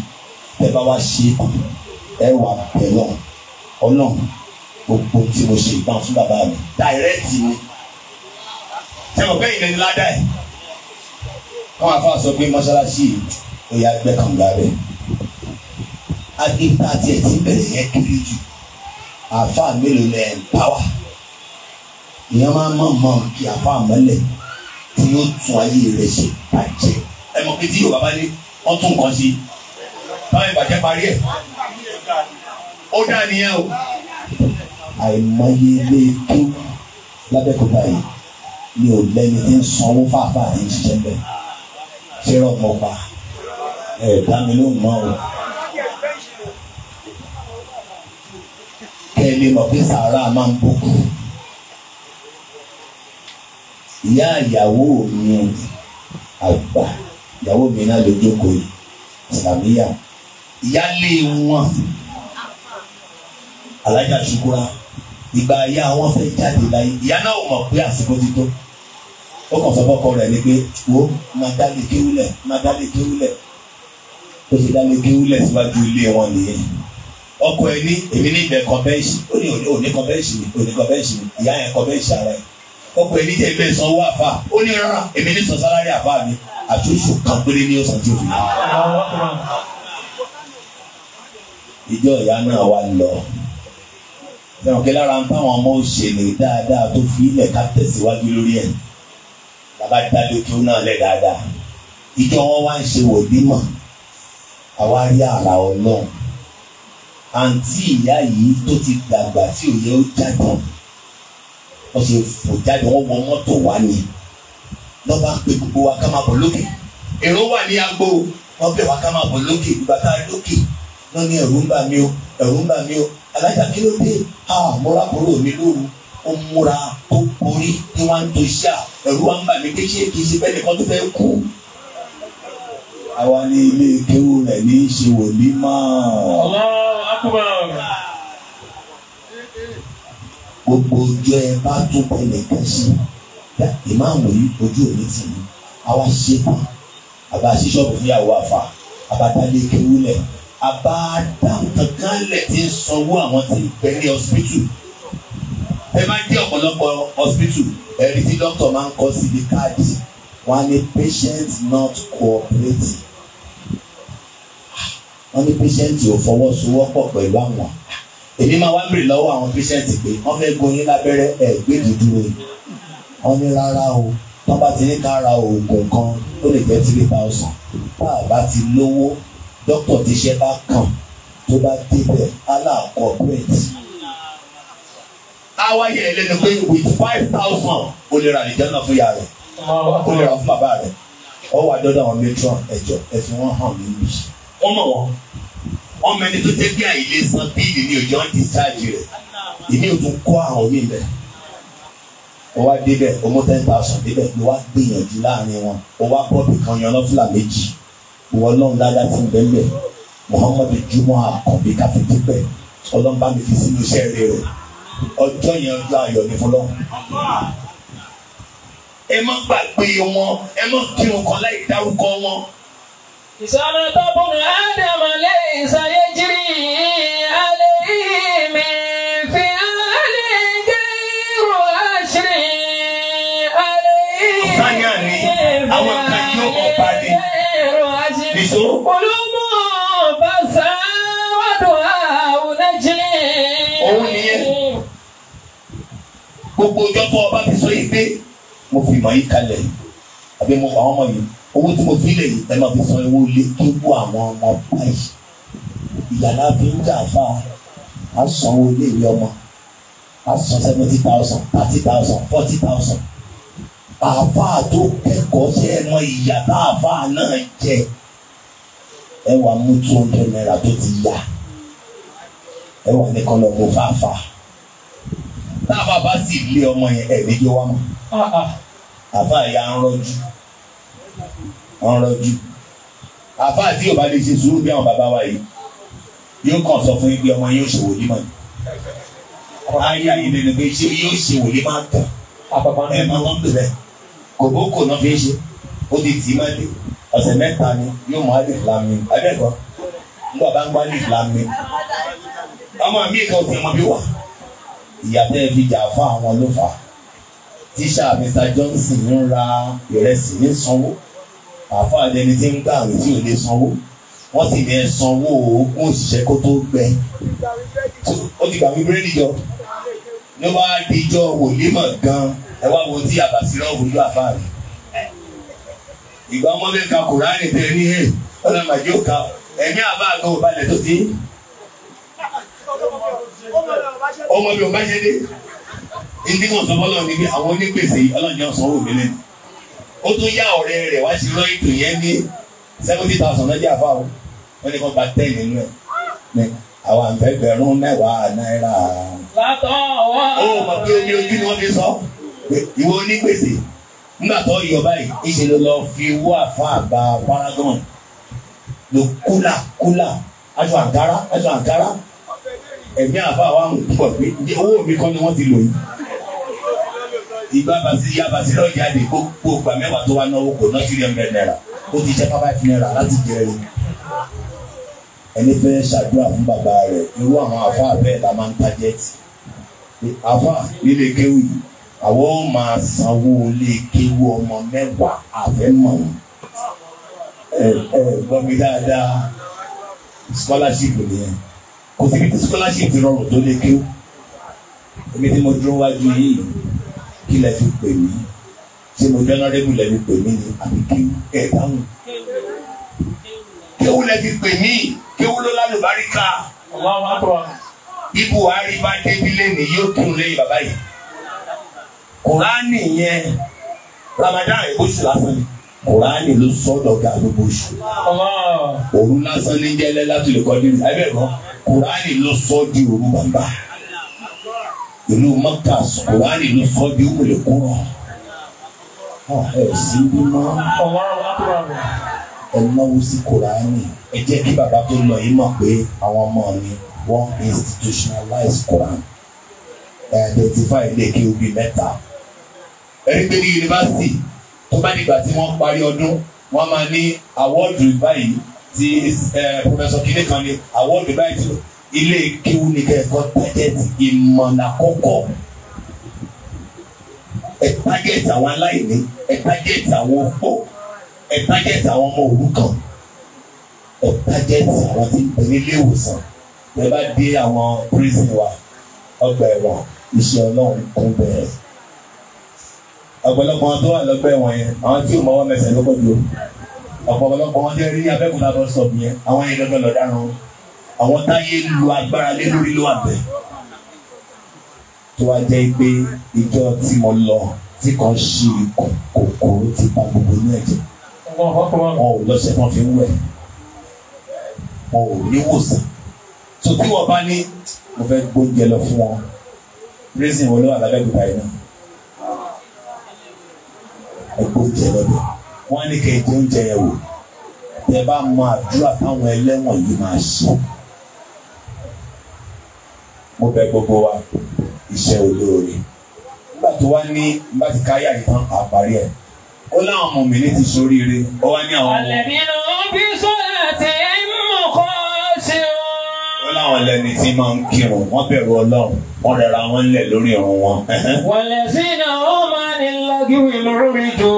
ẹ bá wa ṣe ẹ wà bẹ̀rọ̀ ọlọ́run gbogbo tí mo ṣe ìbọn fún bàbá mi dàrẹ́tì mi tẹmọ bẹ́ẹ̀ ilẹ̀ ní ládà ẹ̀ wọn àfa sọ pé mọ́ṣáláṣí òyà gbẹ kànga rẹ̀ agbègbè àti ẹ̀tí bẹ̀rẹ̀ yẹn kiri jù àfa mélòó lẹ̀ ń pàwà ìyẹn máa mọ̀ mọ̀ kí àfa mọ́lẹ̀ tí yóò tún ayé rẹ̀ ṣe bàjẹ́ ẹ mọ̀ pé tí yóò bàbá ní wọ́n tún nǹkan sí báyìí bàjẹ́ parí ẹ̀ ó dá nìyẹn o àìmọye ilé tó lábẹ́kọ̀ọ́ báyìí mi ò lẹ́ni tí ń sanwó fàáfàá ní ṣiṣẹ́ bẹ́ẹ̀ ṣé rọ̀mọ́ pa ẹ̀ dá mi ló mọ́ o. kẹ́lẹ́ mọ̀ pé sàárà máa ń bókù. ìyá ìyàwó mi àgbà ìyàwó mi náà ló jókòó yìí sàmíyà ìyáálé wọn alájà ṣukura ìgbà ìyá wọn fẹ́ jáde láyé ìyá náà mọ̀ pé àsìkò ti tó ó kàn sọ fọ́kọ rẹ̀ ni pé wo máa dálé kéwúlẹ̀ máa dálé kéwúlẹ̀ ó ti dálé kéwúlẹ̀ síwájú ilé wọn nìyẹn ọkọ ẹ ní èmi ní ìbẹ̀ kọ́bẹ́ẹ̀sì ó ní òní kọ́bẹ́ẹ̀sì ni òní kọ́bẹ́ẹ̀sì ni ìyá yẹn kọ́bẹ́ẹ̀sì ara ẹ̀ ọkọ ẹ ní jẹ́ ilé ìsanwó àfa ó ní rárá èmi ní sọ̀sálárì àfa mi àtúnṣe kan péré ní ọ̀sán tó fi ìjọ ìyá náà wá lọ fẹ́ràn kí lára ń táwọn ọmọ òṣèlè dáadáa tó fi ilẹ̀ ká tẹ̀síwájú lórí ẹ̀ bàbá dá lójú náà lẹ̀ dáadáa ìjọ wọn wá ń ṣe wòlímọ̀ àwa rí àrà ọlọ́run àǹtí ìyá yìí tó ti dàgbà tí òye ó jáde wọ́n ṣe fò jáde wọ́n wọ mọ́tò wá ni lọ́ba pé gbogbo wa ká máa bọ̀ lókè èrò wà ní agbo wọ́n bẹ̀ wá ká máa bọ̀ lókè ìgbà tá lókè wọ́n ní ẹ̀rù ń bà mí o ẹ̀rù ń bà mí o alájà kí ló dé àmúra ah, kúrò mi lóru ó múra ó borí ní wọ́n á tó ṣáà ẹ̀rù wa ń bà mí kéṣe kì í ṣe bẹ́ẹ̀ nìkan tó fẹ́ kú. àwa ní ilé kéwù rẹ̀ ní í ṣe wòlí mọ́. gbogbo ọjọ́ ẹ bá tún bẹ̀rẹ̀ kan sí ìmáàmù yìí ojú òní tì í àwa ṣe pa àbá ṣíṣọ́ọ̀bù fúyàwó àfà àbátálé kéwù lẹ̀ àbá dá nǹkan kan lẹ̀ tí ń sanwó àwọn tí ń bẹ ẹ máa ń dé ọ̀pọ̀lọpọ̀ hospital ẹ̀rí tí dókítà máa ń kọ síbi káàdì wọ́n á ní patient not cooperating wọ́n ní patient ò fọwọ́sowọ́pọ̀ pẹ̀lú àwọn èmi máa wá bèrè lọ́wọ́ àwọn patient pé wọ́n fẹ́ goyin lábẹ́rẹ́ ẹ̀ gbèdì dúró wọ́n ní rárá o tọ́ bá ti ní ká ra oògùn kan ó lè jẹ́ three thousand tá a bá ti lówó dókítà tíṣẹ́ bá kàn tó bá débẹ̀ aláàkọ́ awáyé ẹ lẹ́nu pé with five thousand o lè ra àlìjá náà fún ìyá rẹ̀ o lè ra fún bàbá rẹ̀ ọ wà dọ́dọ̀ àwọn matron ẹ̀jọ̀ ẹ̀sìn wọn hàn mí nìyí. wọ́n mọ̀ wọ́n ọmọ ẹni tó tẹ́gbẹ́ àìlè san bíìlì ní òjò ń discharge rẹ̀ èmi ò tún kọ́ àwọn mí bẹ́ẹ̀ o wa débẹ̀ o mú ten thousand débẹ̀ o wa gbìyànjú láàrin wọn o wa bọ́ọ̀bù kan yan lọ́fúlà méjì ìwọ náà ládàá fún bẹ́ẹ̀ muhammadu jumọ́ àkànbí káfíńtì bẹ́ẹ̀ ọlọ́mbàmí fi sínú iṣẹ́ rẹ̀ rẹ̀ ọjọ́ yẹn ọjọ́ ayọ̀ ní fún lọ́wọ́ ẹ má gbàgbé wọn ẹ má kí wọn kàn láì dárúkọ wọn. ìsọ̀rọ̀ tó bùnú ádámù lé ìsọ̀yé jírí alẹ́ mi fi alẹ́ gẹ́rù àṣírí alẹ́ mi gbogbo ọjọ́ ọba fi sọ yìí pé mo fi mọ̀ yìí kalẹ̀ àbí mo àwọn ọmọ yìí owó tí mo fi lè yìí ẹ máa fi san owó lé kí n àwọn ọmọ báyìí ìyàrá fi ń jà fa a san owó lé ìwé ọmọ a san seventy thousand thirty thousand forty thousand àfa tó kẹ́kọ̀ọ́ ṣe é mọ ìyàrá náà jẹ ẹ wà mú two hundred naira tó ti yá ẹ wà ní kọ́lọ́ mo fà fà tá a bá bá sì lé ọmọ yẹn ẹ̀mí yóò wá mọ́ ah, ah. àfa ìyá ń rọ́jú ń rọ́jú àfa àti yóò bá lè ṣe sùúrù bí àwọn bàbá wa yìí yóò kàn sọ fún ibi ọmọ yóò ṣe wòlíì mọ́ ni ayé ayélujára pé ṣé yóò ṣe wòlíì máa tàn ẹ̀ máa wọ́n bẹ̀rẹ̀ kòbókò náà fi ń ṣe ó ti tì í má dé ọ̀sẹ̀ mẹ́ta ni yóò mọ alif lami abẹ́kọ̀ọ́ nígbà bá ń gbọ́ alif lami ọmọ mi kan ò ọmọ bí wà ìyàtẹ̀ fi jà fún àwọn ló fà á tíṣà Mr Johnson ń ra ìrẹsì ní sanwó àáfàá lẹni tí ń gbà wí tí ò lè sanwó wọ́n sì ní ẹ sanwó ogún òṣìṣẹ́ kó tó gbẹ ó ti gbà wí búrẹ́dì jọ ló bá dijọ́ wòlímọ̀ gan ẹ wá wo tí àbàsírọ̀ òwúlò àáfàá rẹ̀ ìgbà ọmọ bẹ́ẹ̀ ka kùránì tẹ̀ ní ẹ̀ ọ̀làmàjò ka ẹ̀mí àbá àgọ́ òbalẹ̀ tó ti ń ọmọ mi ò bá yẹ dé ndí wọn sọ fọlọ níbi àwọn onígbèsè ọlọ́ọ̀ni ọ̀sán wò mí lẹ́nu ó tún yá ọ̀rẹ́ rẹ̀ wá sí lọ́ ètò yẹn ní seventy thousand lọ́jà fáwọn wọn ni wọn gba ten nínú ẹ̀ àwọn àǹfẹ̀gbẹ̀rún mẹ́wàá náírà. látọ̀ wá. ó mọ̀ pé omi ojú ni wọ́n fi sọ ìwọ onígbèsè nígbà tó yọ báyìí ìṣèlú lọ fi wọ́ àfa àgbà paragon lò kúlà kúlà aṣọ àǹkárá aṣọ àǹkárá ẹ̀mí àfa wa ń pọ̀ pé owó mi kọ́ ni wọ́n ti lò yìí ìgbà bàtí ìyá bàtí lọ́ọ́ jáde gbogbo ìgbà mẹ́wàá tó wá náwó kò náà three hundred naira ó ti jẹ́ five naira láti jẹ ẹ̀rọ ẹni fẹ́ ṣàdúrà fún bàbá rẹ̀ irú àwọn àfa bẹ́ẹ̀ la máa ń tájẹ́tì àfa nílé kéwù yìí àwọn ó máa sanwó lé kéwù ọmọ mẹ́wàá àfẹ́mọ̀ ẹ ẹ gbọ́ mi dáadáa scholarship nìyẹn kò sí ibi tí scholarship rọrùn tó lè kéwù èmi tí mo dúró wájú yìí kí lẹ fi pè mí ṣé mo jẹ́nọ́rẹ́bù lẹ fi pè mí ni àbí kéwù ẹ̀ dáhùn kéwù lẹ fi pè mí kéwù ló lálùbáríkà ibu Buhari bá débi lẹ́nu yóò kírun lẹ́yìn bàbá yìí Kùránì yẹn Ramadan ìbúṣù lásán ni kùránì ló sọ̀dọ̀ ga gbogbo oṣù. òru lásán ní jẹ́lẹ́ láti lè kọ́dí ẹbẹ̀ mọ́ kùránì ló sọ di òru bàbà. ìlú mọ́kà kùránì ló sọ di òmùlẹ̀ kúrọ̀. ẹ sí bí mọ́. ẹ náwó sí kùránì ẹ jẹ́ kí bàbá tó lọ yìí mọ̀ pé àwọn ọmọ mi wọ́n institutionalize kùránì. ẹ identify ilé kí o bí mẹ́ta. ẹ rí pé ní yunifásitì kó bá nígbà tí wọ́n parí ọdún wọ́n máa ní àwọ́ọ̀dù báyìí ti professor kìnìún kan ní àwọ́ọ̀dù báyìí ti ilé kíwú ní kẹ́kọ̀ọ́ tájẹ́tì ìmọ̀nà àkọ́kọ́ ẹ tájẹ́tì àwọn aláìní ẹ tájẹ́tì àwọn opó ẹ tájẹ́tì àwọn ọmọ òrukàn ẹ àwọn tí ń bẹ nílé ìwòsàn ẹ bá dé àwọn prison wa ọgbà ẹ̀wọ̀n iṣẹ́ ọlọ́run kún bẹ́ẹ̀ ọ̀pọ̀lọpọ̀ wọn tó wà lọ́gbẹ́ wọn yẹn àwọn tí ò mọ wọn mẹsẹ̀ lọ́gbọ́n jù ọ̀pọ̀lọpọ̀ wọn jẹ́ rí abẹ́kúta bọ́ sọ̀bù yẹn àwọn yẹn lọ́gbẹ́ lọ́daràn àwọn táyé lu agbára lé lórí ló wà bẹ́ẹ̀ tó wá jẹ́ pé ìjọ tí mo lọ tí kan ṣe kòkòrò ti ba gbogbo inú ẹ̀jẹ̀ wọn ò lọ́sẹ̀ wọn fi ń wẹ̀ wọn ò níwòsàn tó tí wọ́n bá ní mo fẹ́ gbóúnjẹ lọ fún wọn rẹ́sìn wọn ló wà lábẹ́kúta yìí náà ẹgbẹ́ oúnjẹ lọ́dọ̀ wọ́n ní kẹ́ ẹgbẹ́ oúnjẹ yẹn wò tẹ bá mọ àdúrà táwọn ẹlẹ́wọ̀n yìí máa ṣe. mo bẹ̀ gbogbo wa iṣẹ́ olóore nígbà tó wá ní nígbà tí káyà yìí tán àparí ẹ̀ ó láwọn ọmọ mi ní ti ṣoríire ó wá ní àwọn ọmọ. àlẹ́ mi ló ń bí sọ́dọ̀ tẹ̀ ẹ́ mọ̀ kọ́ ṣe wọ́n láwọn lẹni tí máa ń kírun wọ́n bẹ̀rù ọlọ́run wọ́n rẹra wọn lẹ̀ lórí irun wọn. wọ̀lẹ̀ sí iná ó máa ní lágìwì lórí tó.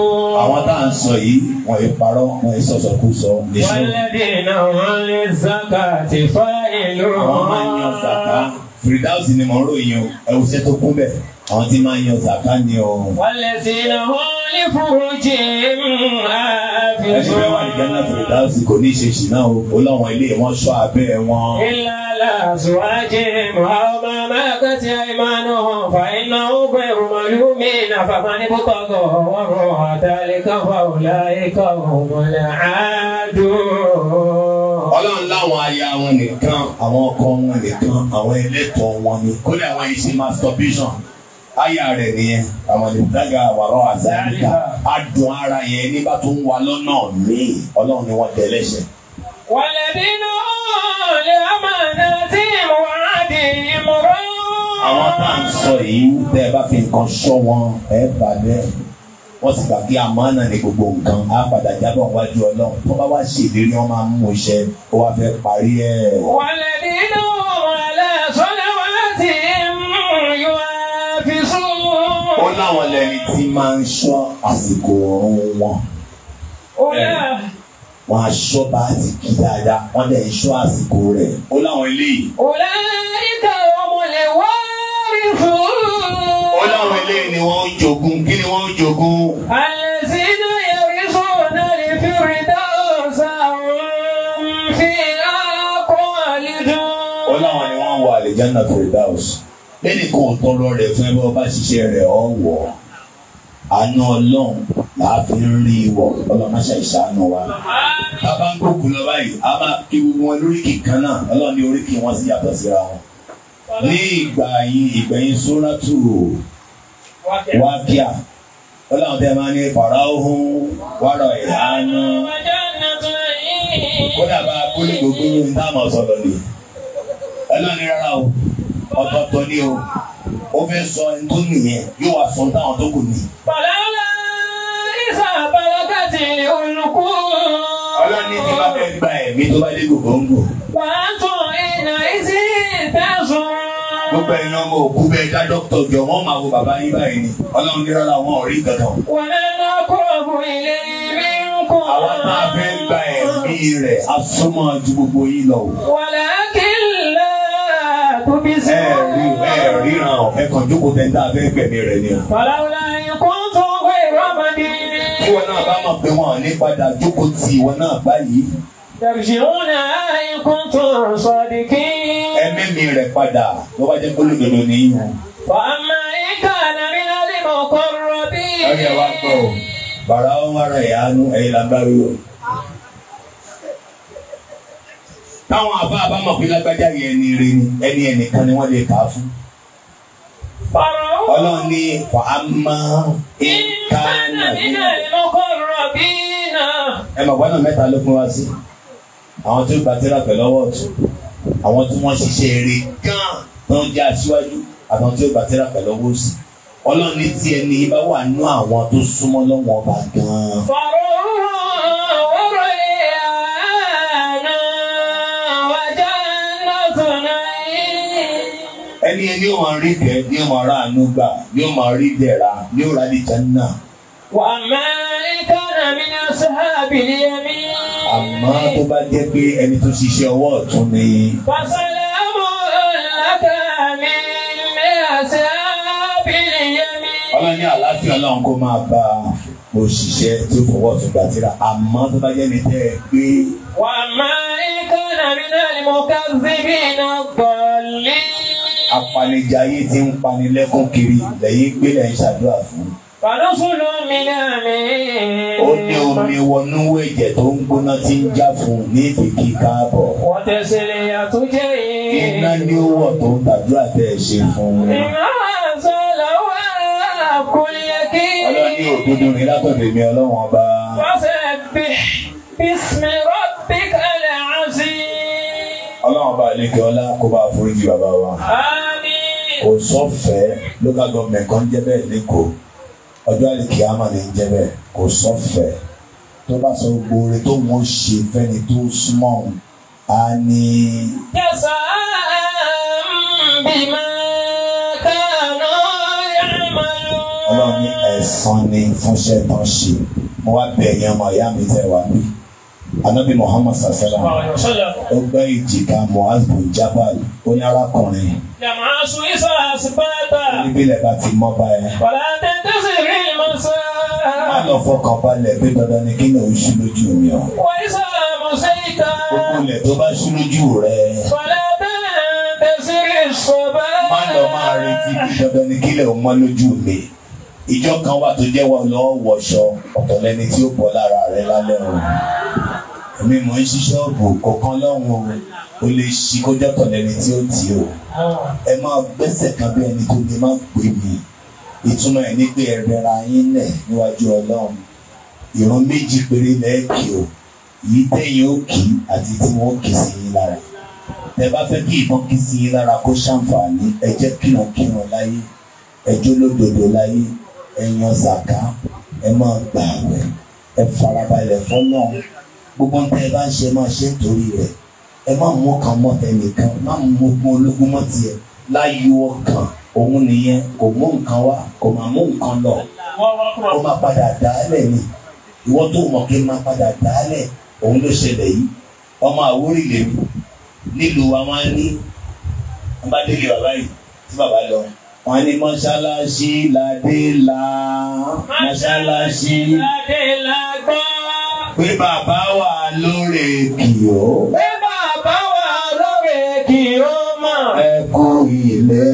àwọn tá à ń sọ yìí wọ́n yìí parọ́ wọ́n yìí sọ̀sọ̀ kú sọ. wọ́lẹ̀ dènà wọn lè zaka ti fa ìlú. àwọn máa ń yan zaka fìdáwùsì ni mo ń ròyìn o ẹ̀wùsẹ̀ tó kún bẹ̀ àwọn tí máa ń yan zaka ni o. wọ́lẹ̀ sí iná wọ́n fúrújì àfihàn. ẹni bẹ́ẹ̀ wà ní Ghana Fèrèdáàsì kò ní ṣe ṣì náà o láwọn ilé wọn ṣọ́ abẹ́ wọn. ìlàlà àṣùwájì ọmọ mẹ́kẹ́ tí àìmánú fàìnà ogun ẹ̀rù màlúù mi nàfàmà ní púpọ̀gọ̀ ọ̀rọ̀ àtàlẹ́kọ̀ fàwùlà ikọ̀ òmùlẹ̀ àádùn ọlọ́run láwọn aya wọn nìkan àwọn ọkọ wọn nìkan àwọn ẹlẹ́tọ̀ọ́ wọn ni kódà àwọn iṣẹ́ masturbation aya rẹ nìyẹn àwọn ìdága àwàrọ àzáríkà adùn ara yẹn nígbà tó ń wa lọ́nà míì ọlọ́run ni wọ́n tẹ̀lé ṣe. wàlẹ́bínú lè amànà tí ìwádìí ìmọ̀ràn. àwọn tá à ń sọ yìí tẹ́ ẹ bá fi nǹkan ṣọ́ wọn ẹ bà bẹ́ẹ̀ wọ́n sì gbà kí àmánà ní gbogbo nǹkan á padà jábọ̀ wájú ọlọ́run tó bá wá ṣèlérí wọn máa mú iṣẹ́ ó wá fẹ́ parí ẹ̀. wàlẹ́bínú. ó láwọn lẹni tí máa ń ṣọ́ àsìkò ọ̀run wọn. Oh, wọ́n á ṣọ́ bá ti kí dáadáa, wọ́n dẹ̀ ń ṣọ́ àsìkò rẹ̀. Ó láwọn eléyìí. Òlá níta ọmọlẹ̀ wá rí fún. Ó láwọn eléyìí ni wọ́n ń jogún. Kí ni wọ́n ń jogún? Àlẹ́sìnú yẹrí sọ̀nà lè fi rí Ó láwọn ni wọ́n ń wọ àlejò náà fi ẹnìkan tọrọ rẹ̀ fún ẹ bá ọba ṣiṣẹ́ rẹ̀ ọ̀wọ̀ àánú ọlọ́run làá fi ń rí ìwọ̀ ọlọ́mọṣẹ́ ìṣàánú wa. bàbá ń gbógun lọ báyìí a máa kí gbogbo wọn lóríkì kan náà ọlọ́run ní oríkì wọn sì yàtọ̀ síra wọn. ní ìgbà yìí ìgbẹ̀yìn sóràtù wákíà ọlọ́run tẹ́ máa ní fàràhùn wàrọ̀ ìhánú. kódà bá a kó ní gbogbo ní táwọn sọ̀rọ̀ ni ọlọ́run ní rárá o ọ̀tọ̀ọ̀tọ̀ ni o ó fẹ́ sọ ẹni tó nìyẹn yóò wá sọ táwọn tó kù ní. bàlálà ìsà bàlágàtì olùkú. ọlọ́ni tí bá fẹ́ gba ẹ̀mí tó bá dé gbòǹgbò. wà á tún ìnà ìsì tẹ̀sán. gbogbo ẹ̀yin ọmọ òkú bẹ́ẹ̀ dá dókítà jọ wọ́n máa wo bàbá yín báyìí ni ọlọ́run ní rárá wọn ò rí kankan. wà á lọ kó ọmọ ilé mi kún. àwọn ìsìn. ẹ rí ẹ ríran ọ̀fẹ́ kan jókòó tẹ̀ ń dá abẹ́ gbẹ̀mí rẹ̀ ni. fàlàlà ìkún tó wé rọ́mọdé. tí wọn náà bá mọ̀ pé wọn ò ní padà jókòó tì wọn náà báyìí. Tẹ̀síwúnà ikún tó sọ̀dí kí. Ẹ̀mí mi rẹ̀ padà ló bá ẹ̀yìn lágbárí o. táwọn afáàbá mọ̀ pé lágbájá yẹ ẹni rẹ ni ẹni ẹnìkan ni wọ́n lè kà á fún. ọlọ́run ní fàámà ìkànnà nínú ẹ mọ̀ gbọ́dọ̀ mẹ́ta ló fún wa sí àwọn tó gba pẹ̀lú ọwọ́ ọ̀tún àwọn tí wọ́n ṣiṣẹ́ eré gan tó ń jẹ́ aṣíwájú àtàwọn tó gba pẹ̀lú ọwọ́ òsì ọlọ́run ní tiẹ̀ ní ibà wà nú àwọn tó súnmọ́ lọ́wọ́ ọba gan-an. ẹni ẹni ó máa rí tẹ ni máa rà àánú gbà ni ó máa rí dẹ̀ra ni ó rà dìjà náà. wà á máa ká náà sábì ní ẹmí. àmọ́ tó bá jẹ́ pé ẹni tó ṣiṣẹ́ ọwọ́ ọ̀tún ni. pàṣẹlẹ mú ọlọ́kà mi mi àṣàbì ní ẹmí. ọlọ́ni àlàáfíà ọlọ́run kó máa bá òṣìṣẹ́ tó fọwọ́ ọ̀tún gbà síra àmọ́ tó bá jẹ́ mi tẹ́ ẹ pé. wà á máa ká nàmi náà ni mo apanijayé ti ń panilẹ́kún kiri lẹ́yìn gbélé ń ṣàdúrà fún. Fàlọ́fúnú mi náà mi. Ó ní omi wọnú ẹ̀jẹ̀ tó ń gbóná tí ń já fún un ní ìfìkì káàbọ̀. Wọ̀tẹ̀sílẹ̀ àtúnjẹ́ yìí. Iná ni ó tó ń gbàdúrà tẹ̀ ṣe fún un. Ìmọ̀ àṣọ làwọn àkúnyẹ kí. Ọlọ́ni òdodo ni látọ̀dọ̀ mi ọlọ́wọ́n ọba. Fọ́sẹ̀ bí bísí rọ́bì kalẹ̀ àṣì. Ọlọ́run bá ilé kí ọlá kó bá foríjì bàbá wa. Àmín. Kòsọ́fẹ̀ local government kan jẹ́ bẹ́ẹ̀ lẹ́kọ̀ọ́ ọjọ́ àlèkè àmà ní jẹ́ bẹ́ẹ̀ Kòsọ́fẹ̀ tó bá sọ gbóore tó wọ́n ṣe fẹ́ni tó súnmọ́ òun á ní. yẹsà bímọ kánú yàrá Ọlọ́run ní ẹ̀san ni fúnṣẹ́ tán ṣe mo wá bẹ̀ yẹn ọmọ ìyá mi tẹ̀ wá bí anabi muhammad sasala ó gbá ìjìká muaz bin jabal ó ní arákùnrin. yàrá aṣọ isa àṣìbáàbà. oníbílẹ̀ bá ti mọ́ báyẹn. wàlá tẹ́tẹ́ sì rí ìmọ̀ sá. má lọ fọkàn balẹ̀ pé dandan ni kí ni òun ṣú lójú mi o. wà á sọ àmọ̀ sí ìta. gbogbo ilẹ̀ tó bá ṣú lójú rẹ̀. wàlá tẹ́tẹ́ sì rí ìṣọ̀bá. má lọ máa retí pé dandan ni kí lè mọ́ lójú mi ìjọ kan wà tó jẹ́ wọ́n lọ́wọ́ wọṣọ ọ̀tọ̀ lẹni tí ó bọ́ lára rẹ̀ lálẹ́ òun mi mọ̀ ń ṣiṣẹ́ ọ̀bù kọ̀ọ̀kan lọ́hùn o o lè ṣí kọjá kan lẹ́ni tí ó tì o ẹ máa gbẹ́sẹ̀ kan bí ẹni tó ní máa pè mí ìtumọ̀ ẹ̀ ní pé ẹ̀rẹ̀ra yín lẹ̀ níwájú ọlọ́run ìran méjì péré lẹ́ẹ̀kì o yìí tẹ̀yìn ó kì í àti tí wọ́n kì sí yín lára tẹ bá fẹ́ kí ìbọn kì sí yín lára kó ṣàǹfààní ẹ jẹ́ kírankíran láyé ẹ jólódodo láyé ẹ yan sàká ẹ máa gbààwẹ̀ ẹ farabalẹ̀ fọ́lọ́run gbogbo ń tẹ́ ẹ bá ń ṣe máa ṣe nítorí rẹ̀ ẹ má mú ọkàn mọ́ tẹnìkan má mú ogún ológun mọ́ tiẹ̀ láyọ̀ ọkàn òun nìyẹn kò mú nǹkan wá kò má mú nǹkan lọ ó má padà dálẹ̀ ni ìwọ́n tó mọ̀ kí n má padà dálẹ̀ òun ló ṣẹlẹ̀ yìí ọmọ àwórì lèmi nílùú wa máa ní wọn bá délé bàbá yìí tí bàbá lọ wọn ní mọ́ṣáláṣí ládé là mọ́ṣáláṣí ládé là gbọ́ pé bàbá wa lóore kì ó. pé bàbá wa lóore kì ó mọ̀. ẹ kú ilé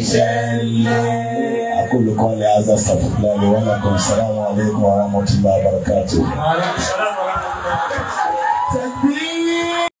iṣẹ́ ńlá. أقول قولي هذا استغفر الله لي ولكم السلام عليكم ورحمة الله وبركاته. وعليكم السلام ورحمة الله وبركاته.